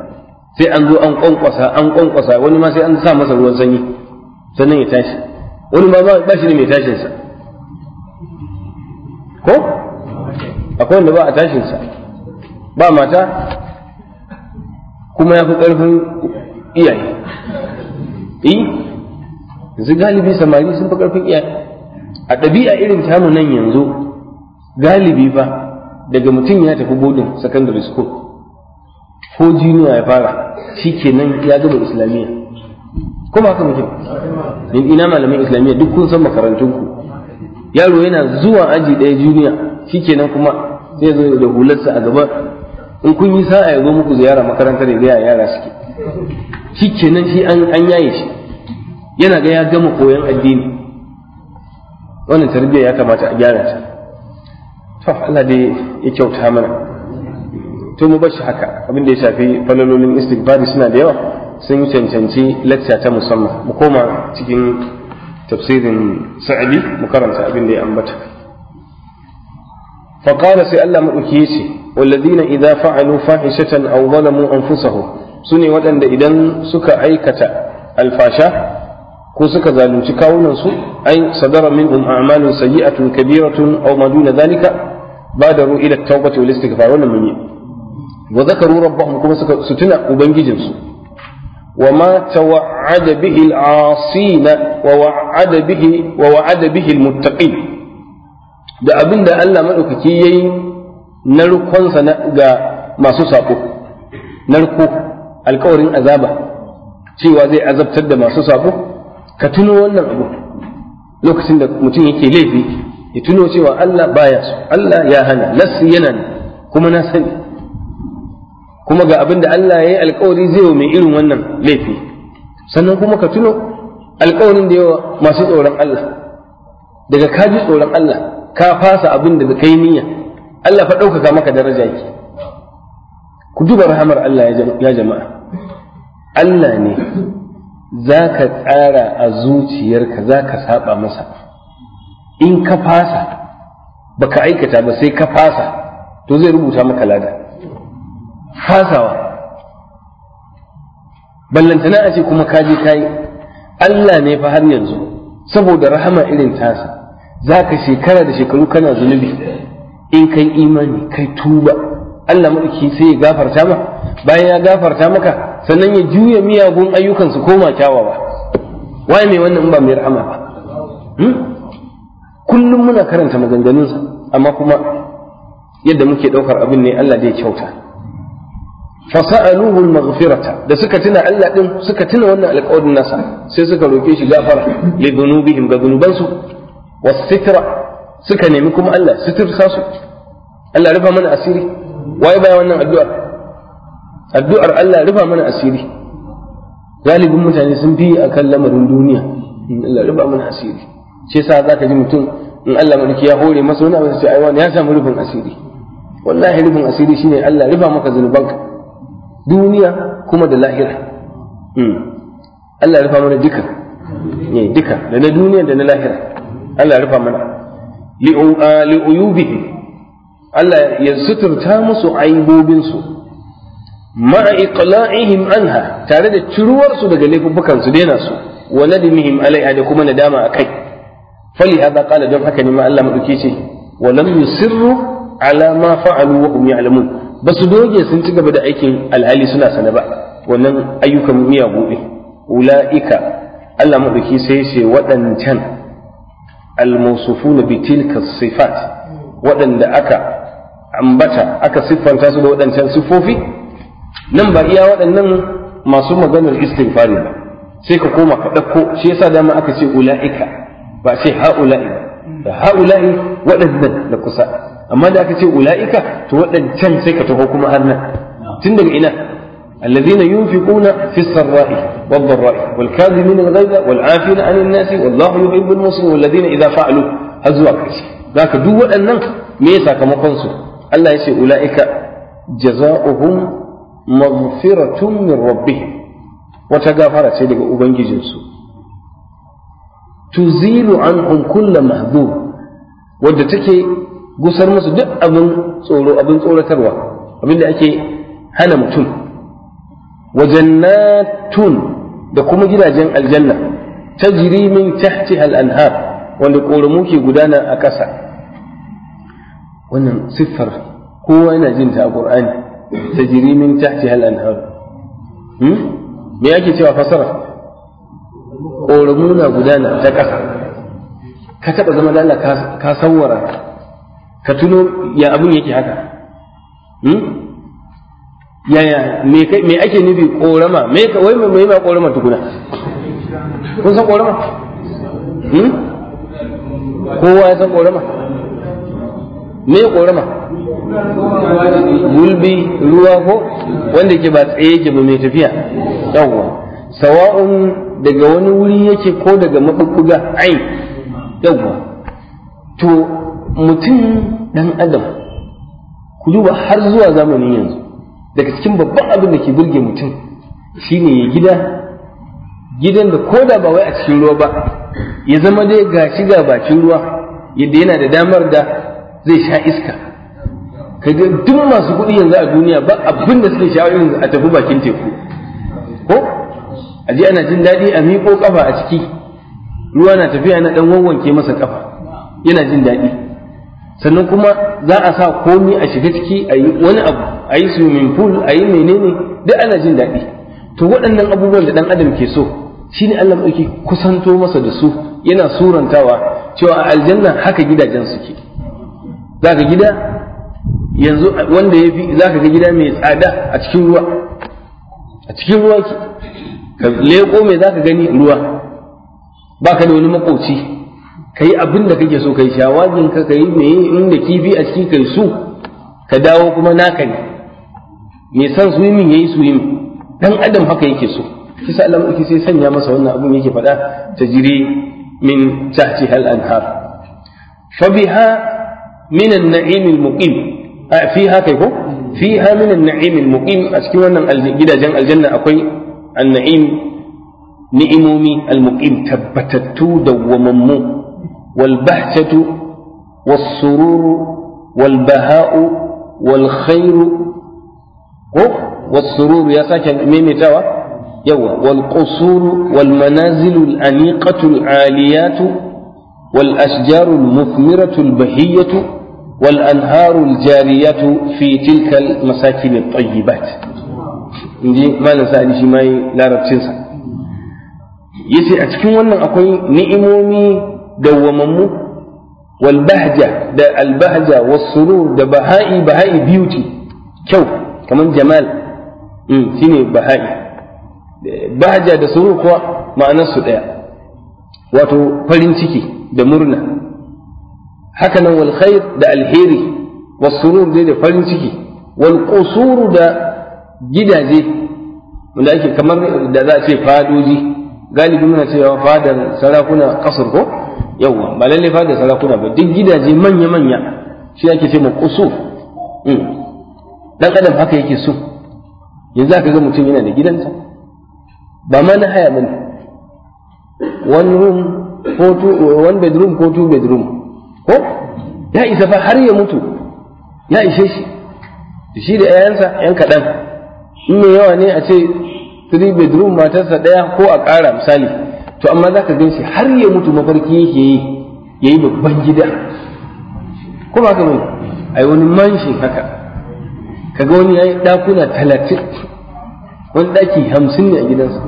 sai an zo an kwankwasa an kwankwasa wani ma sai an sa masa ruwan sanyi sannan ya tashi wani ba ba shi ne mai tashinsa ko akwai wanda ba a tashinsa ba mata kuma ya fi ƙarfin iyaye eh yanzu galibi samari sun fi ƙarfin iyaye a ɗabi'a irin tamu nan yanzu galibi ba daga mutum ya tafi bodin secondary school ko jiniya ya fara shi kenan ya gaba islamiyya ko ba haka muke din ina malamin islamiyya duk kun san makarantunku? yaro yana zuwa aji ɗaya jiniya ke nan kuma zai da hularsa a gaba in kun yi sa'a ya zo muku ziyara makaranta ne ga yara suke shi kenan shi an yaye shi yana ga ya gama koyon addini wannan tarbiyya ya kamata a gyara ta to Allah dai ya kyauta mana to mu bar shi haka abin da ya shafi falalolin istighfari suna da yawa sun cancanci lacca ta musamman mu koma cikin tafsirin sa'adi mu karanta abin da ya ambata Fa sai Allah mu مدوكي shi. والذين إذا فعلوا فاحشة أو ظلموا أنفسهم سني ودن إذن سك كتا الفاشا كوسك ذلك كاونا أي صدر منهم أعمال سيئة كبيرة أو ما دون ذلك بادروا إلى التوبة والاستغفار ونمني وذكروا ربهم كما ستنا وبنجيجنسو وما توعد به العاصين ووعد به ووعد به المتقين da أبن da ألا ملوك ya yi narkonsa ga masu saƙo narko alkawarin azaba cewa zai azabtar da masu saƙo ka tuno wannan abu lokacin da mutum yake laifi ya tuno cewa Allah baya su Allah ya hana lassu yana kuma na sani kuma ga abin da Allah ya yi alkawari zai yi mai irin wannan laifi sannan kuma ka tuno alkawarin da yawa masu tsoron Allah daga kaji tsoron Allah ka fasa abin da ka yi niyya Allah fa ɗaukaka maka daraja ki ku duba rahamar Allah ya jama'a Allah ne za ka tsara a zuciyarka za ka saba masa in ka fasa baka aikata ba sai ka fasa to zai rubuta maka lada fasawa ballantana a ce kuma ka je kayi Allah ne fa har yanzu saboda rahama irin tasa za ka shekara da shekaru kana zunubi in kai imani kai tuba Allah maɗauki sai ya gafarta ma bayan ya gafarta maka sannan ya juya miyagun ayyukan su koma kyawawa waye mai wannan ba mai rahama ba hmm? kullum muna karanta maganganunsa amma kuma yadda muke ɗaukar abin ne Allah zai kyauta fasa'aluhu al-maghfirata da suka tuna Allah din suka tuna wannan alƙawarin nasa sai suka roke shi gafara li dhunubihim ga dhunubansu was suka nemi kuma Allah suturta su Allah rufa mana asiri waye baya wannan addu'a addu'ar Allah rufa mana asiri galibin mutane sun bi akan lamarin duniya Allah rufa mana asiri shi yasa zaka ji mutum in Allah mulki ya hore masa wani abu sai ai wani ya samu rufin asiri wallahi rufin asiri shine Allah rufa maka zunubanka duniya kuma da lahira hmm. Allah rufa mana duka ne eh, duka da na duniya da na lahira Allah rufa mana li'uyubihim Allah ya suturta masu aibobinsu ma'a iqla'ihim anha tare da ciruwarsu daga laifukan su daina su wa nadimihim alaiha da kuma nadama akai fali hada qala don haka ne ma Allah madauki ce wa lam yusirru ala ma fa'alu wa hum ya'lamun basu doge sun ci gaba da aikin alhali suna sana ba wannan ayyukan miya ne Wulaika. Allah madauki sai waɗancan al-mawsufuna bi tilka sifat waɗanda aka ambata aka siffanta su da waɗancan siffofi nan ba iya waɗannan masu maganar istighfari ba sai ka koma ka ɗauko shi yasa dama aka ce ula'ika ba ce ha'ula'i da ha'ula'i waɗannan da kusa amma da aka ce ula'ika to waɗancan sai ka taho kuma har nan tun daga ina الذين ينفقون في السراء والضراء والكاذبين الغيظ والعافين عن الناس والله يحب المصلين والذين إذا فعلوا هزوا كرسي ذاك دو أنك ميسا كما قنصوا الله يسي أولئك جزاؤهم مغفرة من ربهم وتغافر سيدك أبنجي جنسو تزيل عنهم كل مهذوب wadda take gusar musu duk abin tsoro abin tsoratarwa abin da ake hana wa jannatun da kuma gidajen aljanna tajri min tahtiha al-anhar wanda koramu ke gudana a ƙasa wannan siffar kowa yana jin ta a qur'ani tajri min tahtiha al-anhar hmm? me yake cewa fasara koramu na gudana ta ƙasa ka taɓa zama da Allah ka sawwara ka tuno ya abun yake haka hmm? yaya me ake nufi korama me wai me ma korama tukuna kun san korama hmm kowa ya san korama me korama gulbi ruwa ko wanda ke ba tsaye yake ba mai tafiya yawwa sawa'un daga wani wuri yake ko daga mabukuga ai yawwa to mutum dan adam ku duba har zuwa zamanin yanzu daga cikin babban abin da ke burge mutum shine ya gida gidan da koda ba wai a cikin ruwa ba ya zama dai ga shi ga bakin ruwa yadda yana da damar da zai sha iska kaga duk masu kuɗi yanzu a duniya ba abin da suke sha yanzu a tafi bakin teku ko a je ana jin daɗi a miƙo ƙafa a ciki ruwa na tafiya na ɗan wawwanke masa ƙafa yana jin daɗi sannan kuma za a sa komi a shiga ciki a yi wani abu a yi swimming pool a yi menene duk ana jin daɗi to waɗannan abubuwan da ɗan adam ke so shine Allah ɗauki kusanto masa da su yana surantawa cewa a aljanna haka gidajen suke za ka gida yanzu wanda ya fi za ka ga gida mai tsada a cikin ruwa a cikin ruwa ki leƙo mai za ka gani ruwa ba ka da wani maƙoci kai abin da kake so kai shawagin ka kai me inda kifi a ciki kai su ka dawo kuma naka ne me san swimming yayi swimming dan adam haka yake so kisa Allah mulki sai sanya masa wannan abin yake faɗa tajri min tahtiha al-anhar fa biha min an-na'im al-muqim fiha kai ko fiha min an-na'im al-muqim a cikin wannan gidajen aljanna akwai an-na'im ni'imomi al-muqim tabbatattu dawwamammu والبهجة والسرور والبهاء والخير والسرور يا ساكن ميمي توا يوا والقصور والمنازل الأنيقة العاليات والأشجار المثمرة البهية والأنهار الجارية في تلك المساكن الطيبات نجي ما ننسى دي شي لا رب يسي أتكون أكون نئمومي دوممو والبهجة دا البهجة والسرور دا بهائي بهائي بيوتي كو كمان جمال إيه سيني بهائي بهجة دا سرور كوا معنى سدأ واتو فلنسيكي دا مرنة حكنا والخير دا الهيري والسرور دي دا فلنسيكي والقصور دا جدا زي من ذلك كمان دا ذا سي فادو زي غالبا من سي فادا سرافنا قصر كو yawwa ba lalle fa da salakuna ba duk gidaje manya manya shi ake ce ma kusu hmm. dan adam haka yake so yanzu aka ga mutum yana da gidansa ba ma na haya bane one room ko two one bedroom ko two bedroom ko ya isa fa har ya mutu ya ishe shi shi da 'ya'yansa 'yan kaɗan in mai yawa ne a ce three bedroom matarsa ɗaya ko a ƙara misali to amma za ka gan shi har ya mutu mafarki yake yi ya yi babban gida ko ba ka mai a wani manshi haka ka ga wani ya yi ɗakuna talatin wani ɗaki hamsin ne a gidansa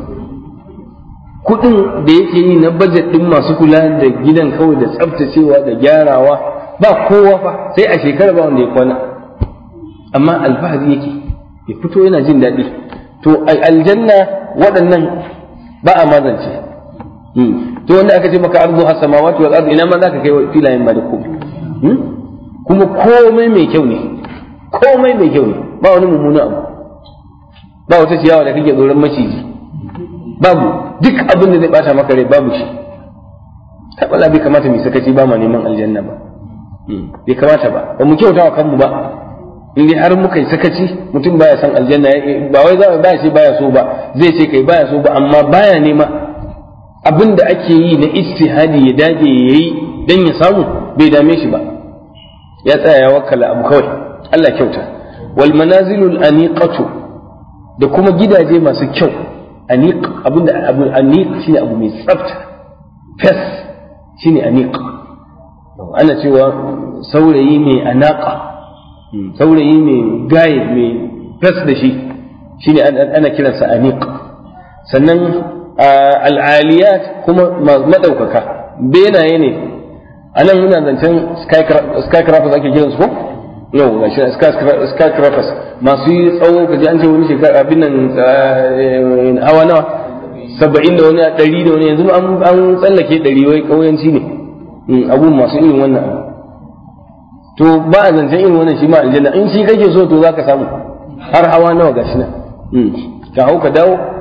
kuɗin da yake yi na bajet ɗin masu kula da gidan kawai da tsaftacewa da gyarawa ba kowa fa sai a shekara ba wanda ya kwana amma alfahari yake ya fito yana jin daɗi to aljanna waɗannan ba a mazance to hmm. wanda aka ce maka ardu a samawati wal ardu ina ma zaka kai filayen ba da hmm? kuma komai mai kyau ne komai mai kyau ne ba wani mummuna abu ba wata ciyawa da kake tsoron maciji babu duk abin da zai bata maka rai babu shi tabbala bai kamata mu sakaci ba ma neman aljanna ba hmm. bai kamata ba ba mu kyauta wa kanmu ba in dai har muka yi sakaci mutum baya san aljanna ba wai za ba ce baya so ba zai ce kai baya so ba amma baya nema abin da ake yi na istihadi ya dage ya yi don ya samu bai dame shi ba ya tsaya ya wakala abu kawai Allah kyauta wal manazilul aniqatu da kuma gidaje masu kyau aniq abin da abu aniq shine abu mai tsafta fes shine aniq ana cewa saurayi mai anaka saurayi mai gaye mai fes da shi shine ana kiransa aniq sannan al'aliyat kuma madaukaka benaye ne a nan muna zancen skycrafers ake su ko yau ga shi skycrafers masu yi tsawo kaji an ce wani shekara abin nan hawa nawa saba'in da wani ɗari da wani yanzu an tsallake ɗari wai ƙauyanci ne abun masu irin wannan to ba a zancen irin wannan shi ma aljanna in shi kake so to za ka samu har hawa nawa ga shi nan ka hau ka dawo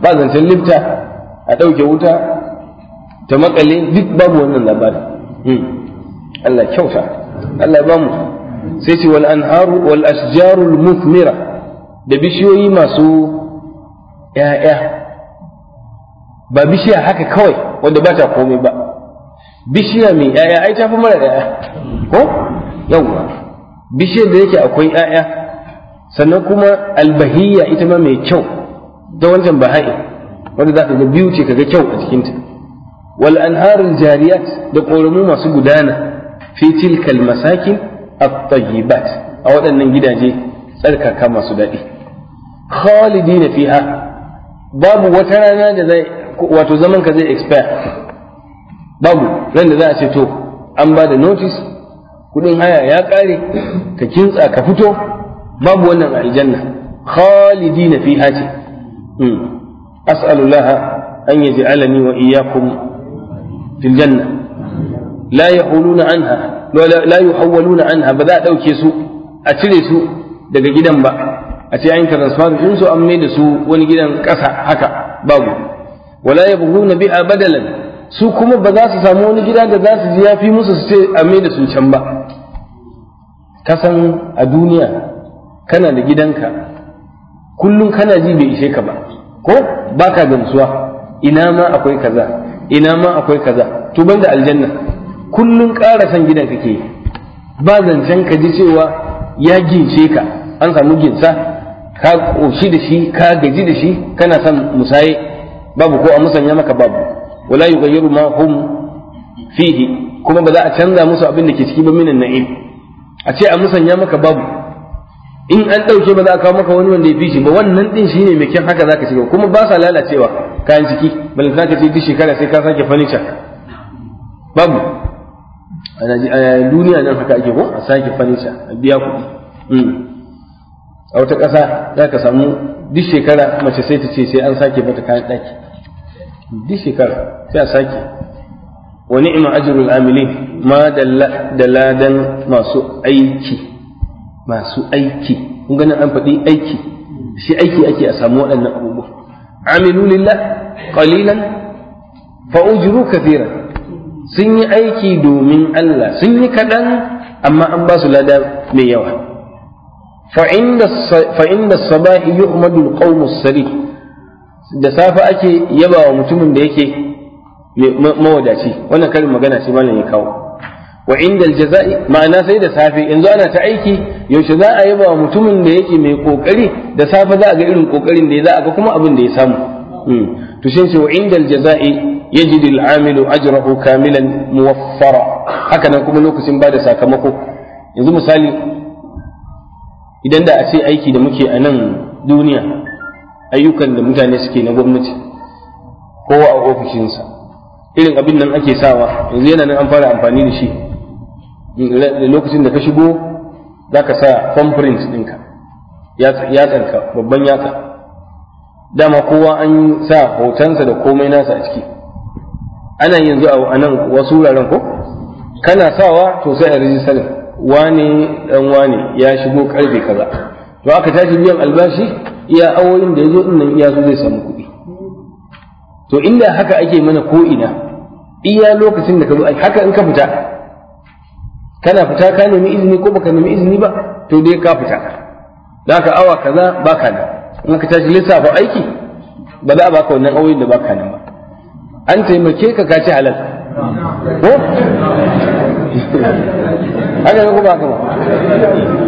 ba zancen lifta a ɗauke wuta ta makale duk babu wannan labarin hmm. Allah kyauta Allah ba mu sai ce wal anharu wal asjarul muthmira da bishiyoyi masu ‘ya'ya ba bishiya haka kawai wanda ba ta komai ba bishiya mai ‘ya'ya ai tafi mara ‘ya'ya ko yawwa bishiyar da yake akwai ‘ya'ya sannan kuma albahiyya ita ma mai kyau da wancan baha'i wanda za ka ga biyu ce ka ga kyau a cikinta wal anharul jariyat da ƙoramu masu gudana fi tilkal masakin at-tayyibat a waɗannan gidaje tsarkaka masu daɗi khalidin fiha babu wata rana da zai wato zaman ka zai expire babu ran da za a ce to an ba da notice kudin haya ya ƙare ka kintsa ka fito babu wannan aljanna khalidin fiha ce أسأل الله أن يجعلني وإياكم في الجنة لا يقولون عنها ولا لا يحولون عنها بذا دوكي سو أتري سو daga gidan ba a ce an transfer din su an mai da su wani gidan ƙasa haka babu wala na bi a badalan su kuma ba za su samu wani gida da za su ji fi musu su ce an mai da su can ba kasan a duniya kana da gidanka kullum kana ji bai ishe ka ba ko baka gamsuwa ina ma akwai kaza ina ma akwai kaza to banda aljanna kullum ƙara san gidan kake ke, ba zancen ka ji cewa ya gince ka an samu ginsa ka koshi da shi ka gaji da shi kana son musaye babu ko a musanya maka babu wala yughayyiru ma hum fihi kuma ba za a canza musu abin da ke ciki ba minan na'im a ce a musanya maka babu in an ɗauke ba za a kawo maka wani wanda ya fi shi ba wannan ɗin shine mai kyan haka zaka shiga kuma ba sa lalacewa kayan ciki za ka ce duk shekara sai ka sake furniture babu a duniya nan haka ake ko a sake furniture a biya kuɗi hmm. a wata ƙasa za ka samu duk shekara mace sai ta ce sai an sake mata kayan ɗaki duk shekara sai a sake wa ima ajrul amilin ma da ladan masu aiki masu aiki kun ganin an faɗi aiki shi aiki ake a samu waɗannan abubuwa amilu lillah qalilan fa ujru kathiran sun yi aiki domin Allah sun yi kaɗan amma an ba su lada mai yawa fa inda sabahi yu'madu as sari da safa ake yabawa mutumin da yake mawadaci wannan karin magana ce malam ya kawo wa jaza'i ma'ana sai da safe yanzu ana ta aiki yaushe za a yaba mutumin da yake mai kokari da safe za a ga irin kokarin da ya za a ga kuma abin da ya samu hmm. to shin sai wa indal jaza'i yajidu al-amilu kamilan muwaffara haka nan kuma lokacin ba da sakamako yanzu misali idan da a ce aiki da muke a nan duniya ayyukan da mutane suke na gwamnati kowa a ofishinsa irin abin nan ake sawa yanzu yana nan an fara amfani da shi lokacin da ka shigo za ka sa thumbprint ɗinka yatsanka babban yatsa dama kowa an sa hotonsa da komai nasa a ciki ana yanzu a nan wasu wuraren ko kana sawa to sai a rijistar wane dan wane ya shigo karfe kaza to aka tashi biyan albashi iya awoyin da ya zo nan iya su zai samu kuɗi to inda haka ake mana ko ina iya lokacin da ka zo haka in ka fita kana fita ka nemi izini ko baka nemi izini ba to dai ka fita da ka awa kaza baka nan in ka tashi lissafa aiki ba za a baka wannan awoyin da baka nan ba an taimake ka ka ci halal ko haka ne ko ba ka ba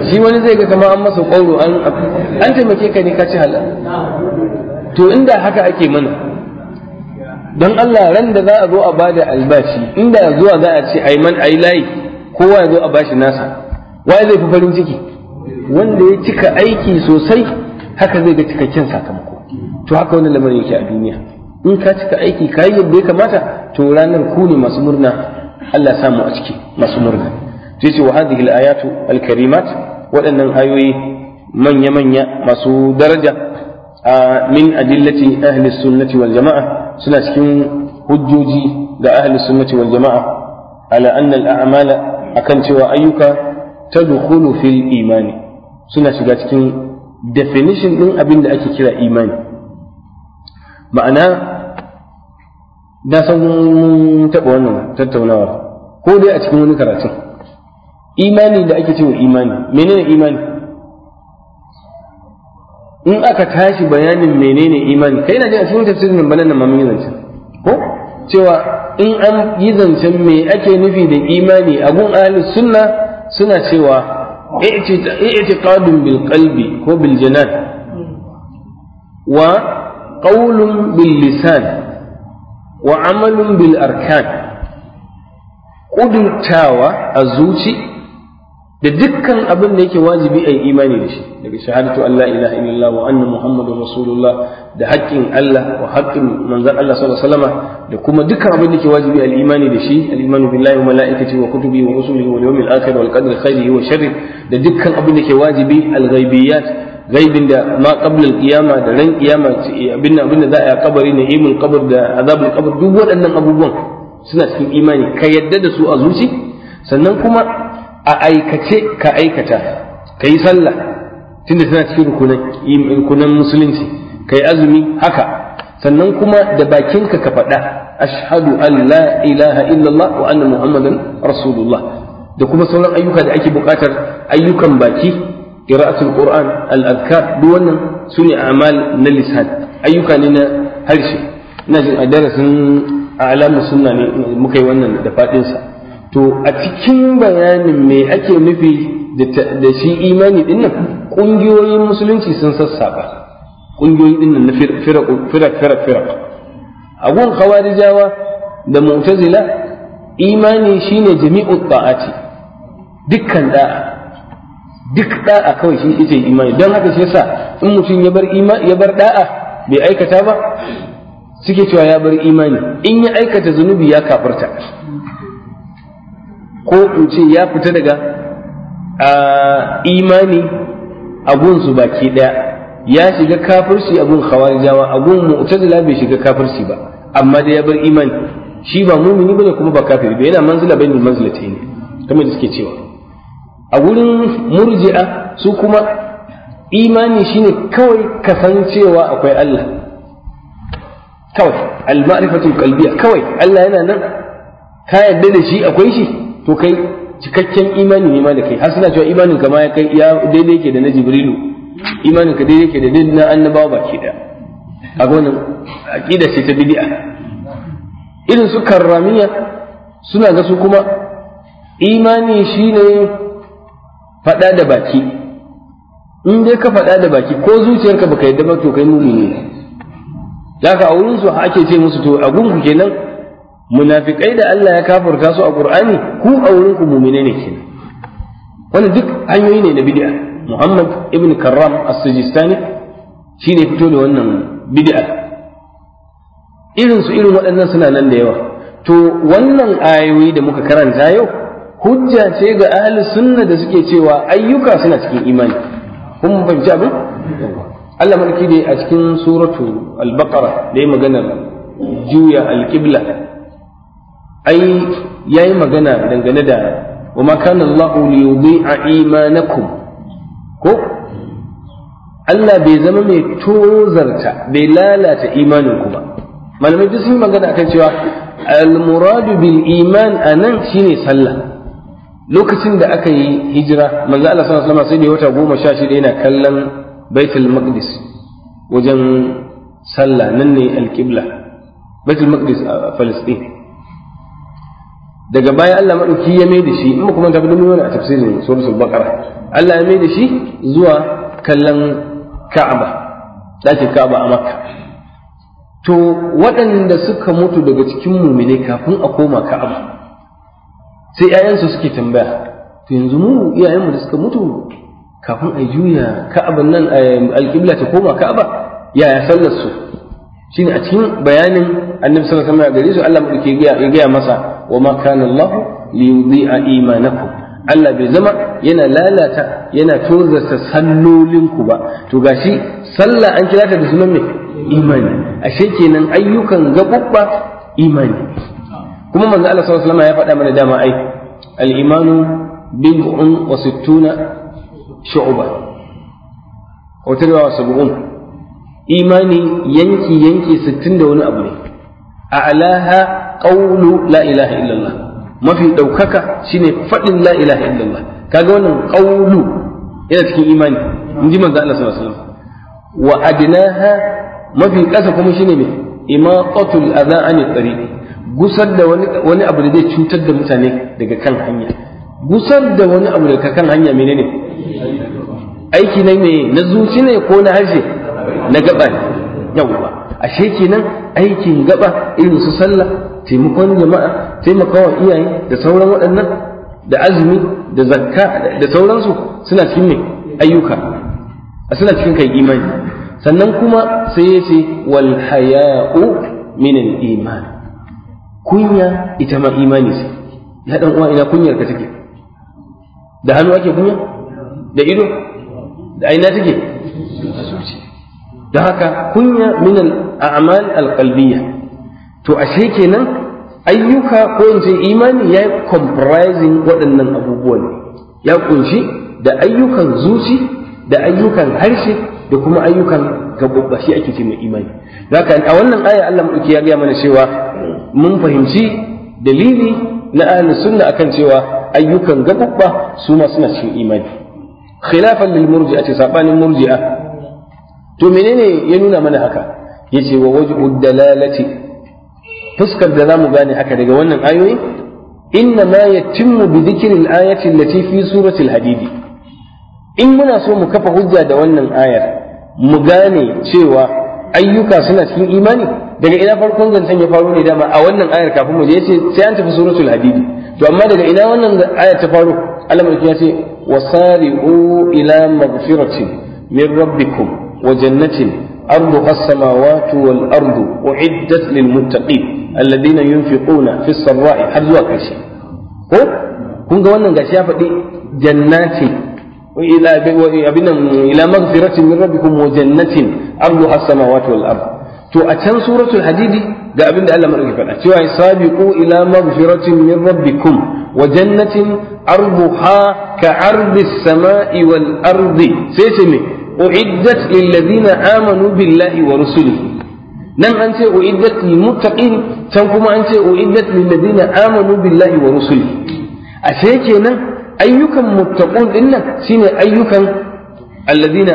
shi wani zai ga kama an masa ƙauro an taimake ka ne ka ci halal to inda haka ake mana don Allah ran da za a zo a bada albashi inda zuwa za a ce ai man ai layi kowa ya zo a bashi nasa waye zai fi farin ciki wanda ya cika aiki sosai haka zai ga cikakken sakamako to haka wani lamarin yake a duniya in ka cika aiki ka yi yadda ya kamata to ranar ku ne masu murna Allah samu a ciki masu murna sai ce wa hadhihi al-ayatu al-karimat waɗannan ayoyi manya-manya masu daraja min adillati ahli sunnati wal jama'a suna cikin hujjoji ga ahli sunnati wal jama'a ala anna al-a'mala akan cewa ayyuka ta dukulu fil imani suna shiga cikin definition ɗin abin da ake kira imani ma'ana na san mun taɓa wannan tattaunawa ko dai a cikin wani karatun imani da ake cewa imani menene imani in aka tashi bayanin menene imani kai na jin a cikin tafsirin banan nan mamin zancen ko cewa in an yi zancen me ake nufi da imani a gun ahlus sunna suna cewa i'tiqadun bil qalbi ko bil janan wa qawlun bil lisan wa amalun bil arkan ƙudurtawa a zuci da dukkan abin da yake wajibi a imani da shi daga shahadatu Allah ilaha illallah wa anna muhammadur rasulullah da haƙƙin Allah wa haƙƙin manzon Allah sallallahu alaihi wasallam da kuma dukkan abin da yake wajibi al imani da shi al imanu billahi wa malaikatihi wa kutubihi wa rusulihi wal yawmil akhir wal qadri khairihi wa sharri da dukkan abin da yake wajibi al ghaibiyat ghaibin da ma qabla al qiyama da ran qiyama abin da abin da za a yi kabari ne imul qabr da azabul qabr duk waɗannan abubuwan suna cikin imani ka yadda da su a zuci sannan kuma a aikace ka aikata ka yi sallah tunda tana cikin rukunan musulunci ka yi azumi haka sannan kuma da bakinka ka faɗa ashhadu an la ilaha illallah wa anna muhammadan rasulullah da kuma sauran ayyuka da ake buƙatar ayyukan baki qira'atul qur'an al azkar duk wannan sune amal na lisan ayyuka ne na harshe ina jin a darasin a'lamu suna ne muka yi wannan da faɗinsa to a cikin bayanin me ake nufi da shi imani din nan ƙungiyoyin musulunci sun sassaba ƙungiyoyi din nan na firak firak firak a gun khawarijawa da mu'tazila imani shine jami'u ta'ati dukkan da'a duk da'a kawai shi ita imani don haka shi yasa in mutum ya bar ya bar da'a bai aikata ba suke cewa ya bar imani in ya aikata zunubi ya kafirta ko in ce ya fita daga imani abun su baki daya ya shiga kafirci abun khawarijawa abun mu'tazila bai shiga kafirci ba amma da ya bar imani shi ba mumini bane kuma ba kafiri ba yana manzila bainul ne kamar da suke cewa a gurin murji'a su kuma imani shine kawai kasancewa akwai Allah kawai al-ma'rifatul qalbiyya kawai Allah yana nan ka yarda da shi akwai shi to kai cikakken imani ne ma da kai har suna cewa imanin ka ma ya kai ya daidai yake da na jibrilu imanin ka daidai yake da din na annabawa baki da? a wannan aqida ce ta bid'a irin su karramiya suna ga su kuma imani shine faɗa da baki in dai ka faɗa da baki ko zuciyarka baka yadda ba to kai mumini ne zaka a wurin su ake ce musu to a gungu kenan munafikai da Allah ya kafurta su a Qur'ani ku a wurin ku mu'mine ne kenan wannan duk hanyoyi ne na bid'a Muhammad ibn Karram as-Sijistani shine fito da wannan bid'a irin su irin waɗannan suna nan da yawa to wannan ayoyi da muka karanta yau hujja ce ga ahli sunna da suke cewa ayyuka suna cikin imani kun fahimci abin Allah mulki dai a cikin suratu al-baqara da maganar juya al-qibla ai yayi magana dangane da wa ma kana Allah li yudhi'a imanakum ko Allah bai zama mai tozarta bai lalata imanin ku ba malamai duk sun yi magana akan cewa al-muradu bil iman anan shine sallah lokacin da aka yi hijira manzo Allah sallallahu alaihi sai da wata goma sha shida yana kallon Baitul Maqdis wajen sallah nan ne alqibla Baitul Maqdis a Palestine daga baya Allah madauki ya mai da shi in kuma ga bilmi wani a tafsirin suratul baqara Allah ya mai da shi zuwa kallon Ka'aba dakin Ka'aba a Makka to waɗanda suka mutu daga cikin mumine kafin a koma Ka'aba sai ƴaƴansu suke tambaya to yanzu mu iyayenmu da suka mutu kafin a juya Ka'aba nan eh, alƙibla ta koma Ka'aba yaya sallar su Shin a cikin bayanin annabi sallallahu alaihi wasallam gare su Allah mulki ya gaya masa wa ma kana Allah li yudhi'a imanakum Allah bai zama yana lalata yana tozarta sallolinku ba to gashi sallah an kira ta da sunan me imani ashe kenan ayyukan gabubba imani kuma manzo Allah sallallahu alaihi wasallam ya faɗa mana dama ai al-imanu bid'un wa sittuna shu'ba wa tarwa wa sab'un imani yanki yanki sittin da wani abu ne a alaha qawlu la ilaha illallah mafi ɗaukaka shine faɗin la ilaha illallah kaga wannan qawlu yana cikin imani in ji manzo Allah sallallahu alaihi wasallam wa adnaha mafi ƙasa kuma shine me imaqatul adha anit tariqi gusar da wani abu da zai cutar da mutane daga kan hanya gusar da wani abu daga kan hanya menene aiki ne ne na zuci ne ko na harshe na gaba yawwa sheke nan aikin gaba irin su sallah taimakon jama'a taimakawa iyaye da sauran waɗannan da azumi da zakka da sauransu suna cikin ne ayyuka A suna cikin kai imani sannan kuma sai ya ce wal haya'u min al iman kunya ita ma imani ce ya dan uwa ina kunyar ka take da hannu ake kunya da ido da aina take haka kunya min al-a'mal al to ashe kenan ayyuka ko in ce imani ya yi comprising waɗannan abubuwan ya kunshi da ayyukan zuci da ayyukan harshe da kuma ayyukan gabobba shi ake ce mai imani da haka a wannan aya Allah madauki ya gaya mana cewa mun fahimci dalili na ahlus sunna akan cewa ayyukan gabobba su ma suna cikin imani khilafan lil murji'a ce sabanin murji'a to menene ya nuna mana haka ce wa wajhu dalalati fuskar da zamu gane haka daga wannan ayoyi inna ma yatimmu bi zikirin al-ayati allati fi surati hadidi. in muna so mu kafa hujja da wannan ayar mu gane cewa ayyuka suna cikin imani daga ina farkon zancen ya faru ne dama a wannan ayar kafin mu je ce sai an tafi suratul hadidi to amma daga ina wannan ayar ta faru Allah ya ce wasari'u ila maghfiratin min rabbikum وجنة أرضها السماوات والأرض أعدت للمتقين الذين ينفقون في السراء حذو كشي ko kun ga wannan gashi ya faɗi jannati abinan ila maghfiratin min rabbikum wa jannatin arduha as-samawati wal ard to a can suratul hadidi ga abin da Allah madauki faɗa cewa sabiqu ila maghfiratin min rabbikum wa ka ardi samai wal ardi uiddat lil ladina amanu billahi wa rusulihi nan an ce uiddat lil muttaqin can kuma an ce uiddat lil ladina amanu billahi wa rusulihi ashe kenan ayyukan muttaqun dinnan shine ayyukan alladina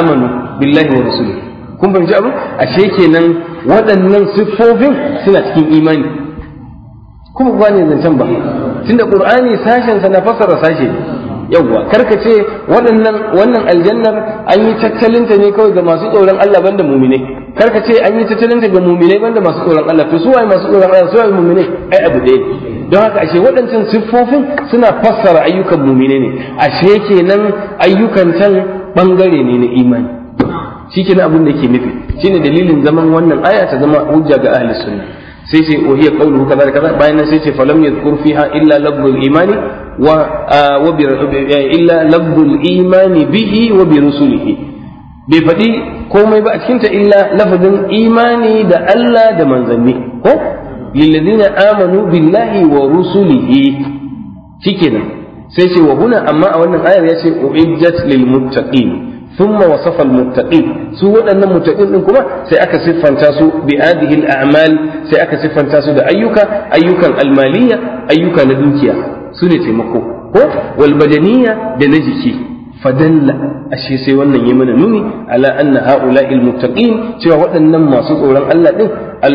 amanu billahi wa rusulihi kun fahimci abin waɗannan siffofin suna cikin imani kuma ba ne zancen ba tunda na fassara sashe yawwa karka ce waɗannan wannan aljannar an yi tattalinta ne kawai ga masu tsoron Allah banda mumine karka ce an yi tattalinta ga mumine banda masu tsoron Allah to su waye masu tsoron Allah su waye mumine ai abu ɗaya don haka ashe waɗancan siffofin suna fassara ayyukan mumine ne ashe kenan ayyukan can bangare ne na imani kenan abin da yake nufi shine dalilin zaman wannan aya ta zama hujja ga ahli sunna sai ce wa hiya qawluhu kaza da kaza bayan nan sai ce falam yadhkur fiha illa lafzul imani و illa lafzul imani bihi wa bi rusulihi bai faɗi komai ba a cikinta illa lafazin imani da Allah da manzanni ko lillazina amanu billahi wa rusulihi shikenan sai ce wa huna amma a wannan ayar ya ce uiddat lil muttaqin thumma wasafa al muttaqin su waɗannan muttaqin din kuma sai aka siffanta su bi hadhihi al a'mal sai aka siffanta su da ayyuka ayyukan al maliya ayyuka na dukiya su ne taimako ko wal da na jiki fadalla ashe sai wannan yi mana nuni ala anna haula al cewa waɗannan masu tsoron Allah din al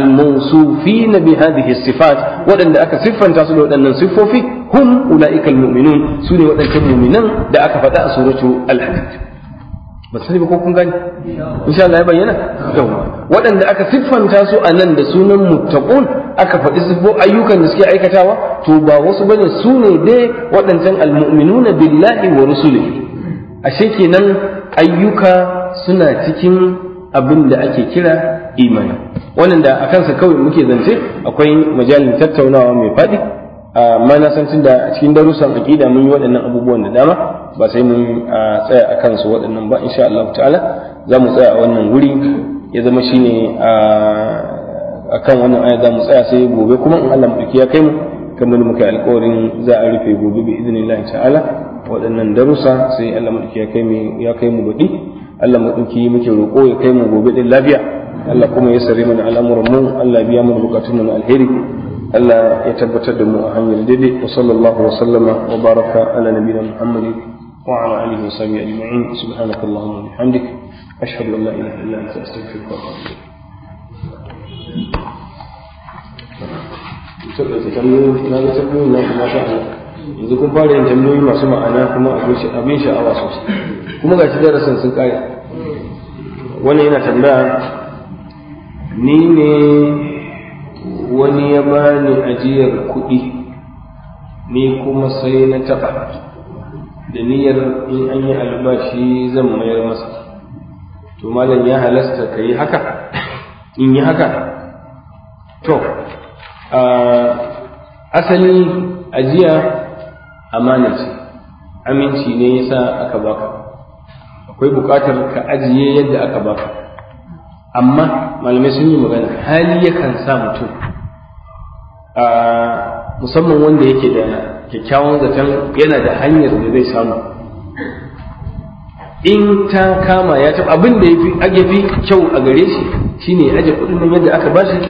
na bi hadhihi sifat waɗanda aka siffanta su da waɗannan siffofi hum ulaika al mu'minun su ne waɗancan mu'minan da aka faɗa a suratu al hadid ba sani ba ko kun gani insha Allah ya bayyana yawa waɗanda aka siffanta su a nan da sunan muttaqun aka faɗi siffo ayyukan da suke aikatawa to ba wasu bane su ne dai waɗancan almu'minuna billahi wa rusulihi ashe kenan ayyuka suna cikin abin da ake kira imani wannan da sa kawai muke zance akwai majalin tattaunawa mai faɗi a manasancin da a cikin darussan aqida mun yi waɗannan abubuwan da dama ba sai mun tsaya a kansu waɗannan ba insha Allah ta'ala za mu tsaya a wannan wuri ya zama shine a kan wannan aya za mu tsaya sai gobe kuma in Allah mu ya kai mu kamar muka alƙawarin za a rufe gobe bi idnillahi ta'ala waɗannan darussa sai Allah mu ya kai mu ya kai mu baɗi Allah mu ɗauki muke roƙo ya kai mu gobe din lafiya Allah kuma ya sare mana al'amuran mu Allah biya mana bukatun mu na alheri Allah ya tabbatar da mu a hanyar daidai wa sallallahu wa sallama wa baraka ala nabiyina Muhammad wa ala alihi wa sahbihi ajma'in subhanakallahumma wa bihamdik ashhadu an la ilaha illa anta astaghfiruka wa atubu ilayk kuma sha yanzu kun fara yin tambayoyi masu ma'ana kuma abin sha'awa sosai kuma ga shi darasin sun kare wannan yana tambaya ni ne wani ya bani ajiyar kuɗi ni kuma sai na taɓa da niyyar in an yi albashi zan mayar masa to malam ya halasta ka yi haka in yi haka to asali ajiya amana ce aminci ne yasa aka baka akwai buƙatar ka ajiye yadda aka baka amma malamai sun yi magana hali yakan sa mutum musamman wanda yake da kyakkyawan zaton yana da hanyar da zai samu in ta kama ya taɓa abin da ya fi kyau a gare shi shine aje kuɗin nan yadda aka bashi